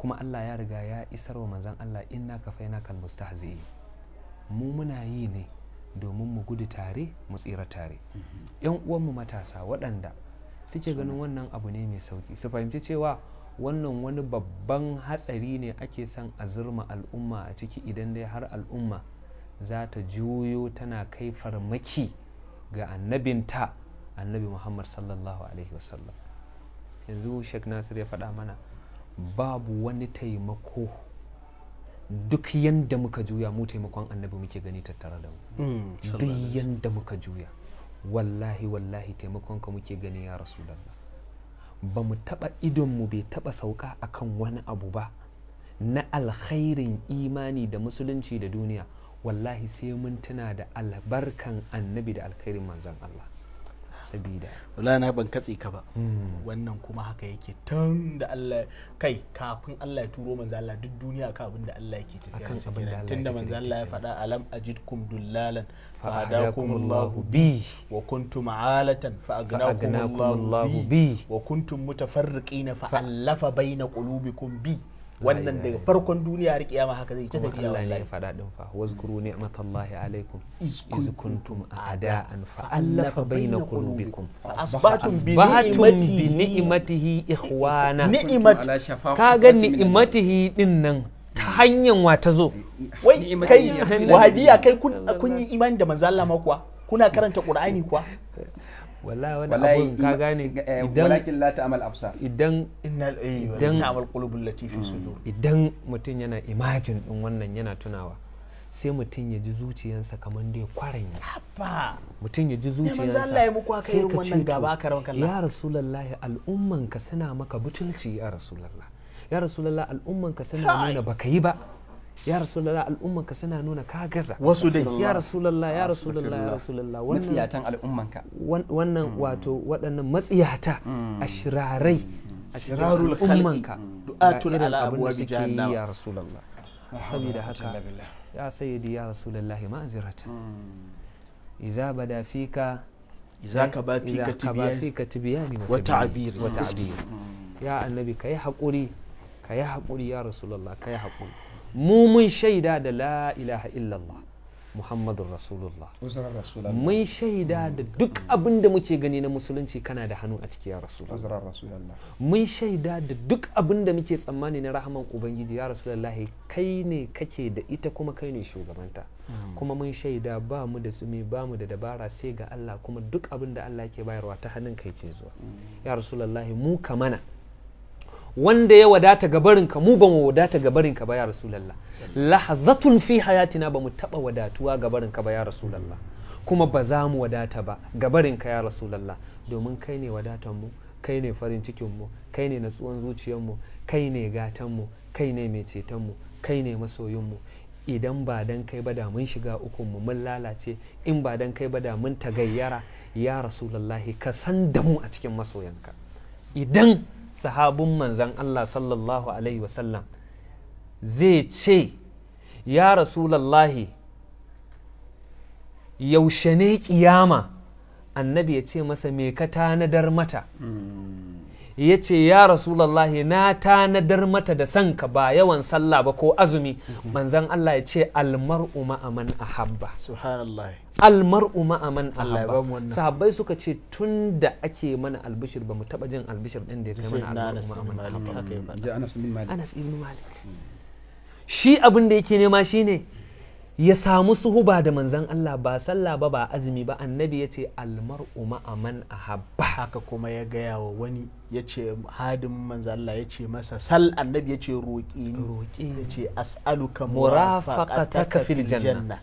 kuma Allah ya riga ya isar wa manzan Allah inna ka faina kal mustahzi mu muna yi ne domin mu gudu tare mu tsira tare mhm. yan uwan mu matasa waɗanda suke ganin wannan abu ne mai sauki su fahimci cewa wannan wani babban hatsari ne ake son a zurma al'umma a ciki idan dai har al'umma za ta juyo tana kai farmaki ga annabinta annabi muhammad sallallahu alaihi wasallam yanzu sheikh nasir ya faɗa mana babu wani taimako duk yadda muka juya mu taimakon annabi muke gani tattare da mu hmm, duk yanda muka juya wallahi wallahi taimakon ka muke gani ya rasu ba mu taɓa idonmu bai taɓa sauka akan wani abu ba na alkhairin imani da musulunci da duniya wallahi sai mun tuna da albarkan annabi da alkhairin manzon Allah sabida wala na ban katse ka ba hmm.
wannan kuma haka yake tun da Allah kai kafin Allah ya turo manzo Allah duk duniya ka abin da Allah yake tafiya tun da manzo Allah ya faɗa alam ajidkum dullalan fa Allah bi wa kuntum alatan fa Allah bi wa kuntum mutafarriqina fa allafa baina qulubikum bi wannan daga farkon duniya
har kiyama haka zai ta tafiya Allah ya faɗa din fa wazkuru ni'matallahi alaikum iz kuntum a'da'an fa allafa baina qulubikum asbatum bi ni'matihi ikhwana ni'mat ga ni'matihi din nan ta hanyar wa ta zo wai kai wahabiya
kai kun yi imani da manzo Allah ma kuwa kuna karanta qur'ani kuwa
wallahi wani abu ka gane eh, idan walakin la ta'mal absar idan innal eh, idan ta'mal qulubul latifi sudur idan mutum yana imajin din wannan yana tunawa sai mutum ya ji zuciyansa kamar da ya kwaranya mutum ya ji zuciyansa sai ka ce ya rasulallahi al'ummanka suna maka butulci ya rasulallah ya rasulallah al'ummanka suna nuna baka yi ba ya rasulallah al'umman ka suna nuna ka gaza wasu dai ya rasulallah ya ah, rasulallah ya rasulallah. wannan matsiyatan al'umman ka wannan hmm. wato waɗannan matsiyata hmm. A shirarai a cikin al'umman ka du'atul ala abwabi jahannam ya rasulallah saboda haka ya sayyidi ya rasulallah ma ma'azirata hmm. Iza bada fika Iza eh, ka ba fika tibiyani wa ta'bir wa ta'bir ya annabi kai haƙuri kai haƙuri ya ka kai haƙuri mu mun shaida da la ilaha illallah muhammadun rasulullah mun shaida da duk abin da muke gani na musulunci kana da hannu a ciki ya rasulullah mun shaida da duk abin da muke tsammani na rahaman ubangiji ya rasulullah kai ne kake da ita kuma kai ne shugabanta hmm. kuma mun shaida ba mu da tsumi ba mu da dabara sai ga allah kuma duk abin da allah ke bayarwa ta hannun kai ke zuwa hmm. ya rasulullah mu kamana wanda ya wadata gabarinka mu ba mu wadata gabarinka ba ya rasulallah lahazatun fi hayatina ba mu taba wadatuwa gabarinka ba ya rasulallah kuma ba za mu wadata ba gabarinka ya rasulallah domin kai ne wadatan mu kai ne farin cikin mu kai ne natsuwan zuciyar mu kai ne gatan mu kai ne mai ceton mu kai ne masoyin mu idan ba dan kai ba da mun shiga ukun mu mun lalace in ba dan kai ba da mun tagayyara ya rasulallah ka san da mu a cikin masoyanka idan sahabun manzan Allah sallallahu alaihi wasallam zai ce ya rasulallahi yaushe ne kiyama annabi ya ce masa me ka tanadar mata mm. ya ce ya rasulallah na tanadar mata da ka ba yawan sallah ba ko azumi manzan Allah ya ce almar'u ma'aman ahabba subhanallah almar'u ma'aman ahabba sahabbai suka ce tun da ake mana albishir ba mu taba jin albishir din da ya kai mana almar'u ma'aman ahabba Anas ibn Malik shi abin da yake nema shine ya samu suhuba da manzan Allah ba sallah ba ba azumi ba annabi ya ce aman a ahabba haka kuma ya gaya wa wani
ya ce hadin manzan Allah ya ce masa sal annabi ya ce roƙi ni roƙi ya ce as'aluka murafaqataka fil janna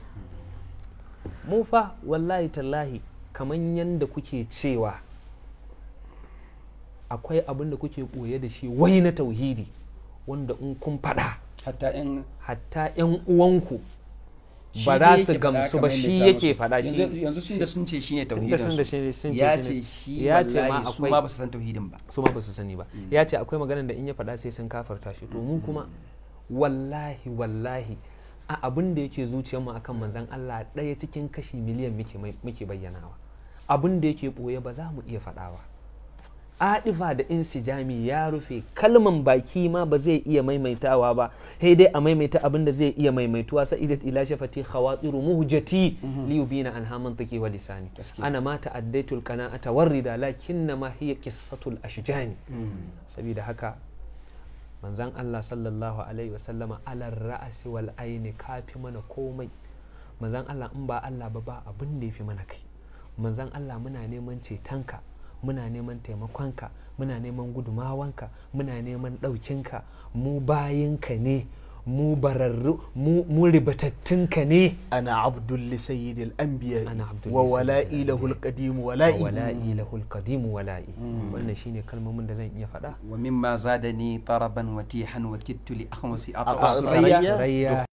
mu fa wallahi tallahi kamar yanda kuke cewa akwai abin da kuke koya da shi wai na tauhidi wanda in kun faɗa hatta 'yan uwanku ba za su gamsu ba shi yake faɗa shi
yanzu sun da sun ce shine tauhidin su ya ce shi ya ce ma akwai su ma ba su
san tauhidin ba su ma ba su sani ba mm. ya ce akwai maganar da in ya faɗa sai sun kafarta shi to mu mm. kuma wallahi wallahi a abin da yake mu akan manzon Allah ɗaya cikin kashi miliyan muke bayyanawa abin da yake ɓoye ba za mu iya faɗawa adifa da insijami ya rufe kalman baki ma ba zai iya maimaitawa ba sai dai a maimaita abin da zai iya maimaituwa sai idat ila shafati khawatiru muhjati mhm. li yubina an haman take wa lisani ana ma ta'addaitul qana'ata warida lakinna ma hiya qissatul ashjani mhm. saboda haka manzan Allah sallallahu alaihi wa sallama ala ra'asi wal aini kafi mana komai manzan Allah in ba Allah ba ba abin da yafi mana kai manzan Allah muna neman cetanka. muna neman taimakonka muna neman gudumawanka muna neman ɗaukinka mu bayinka ne mu bararru mu ribatattunka ne ana abdulli sayyid anbiya
wa wala'i lahul qadim wala'i wala'i
lahul qadim mm. wala'i wannan shine kalmomin da zan iya faɗa
wa mimma zadani taraban watihan wa kittu li akhmasi aqwa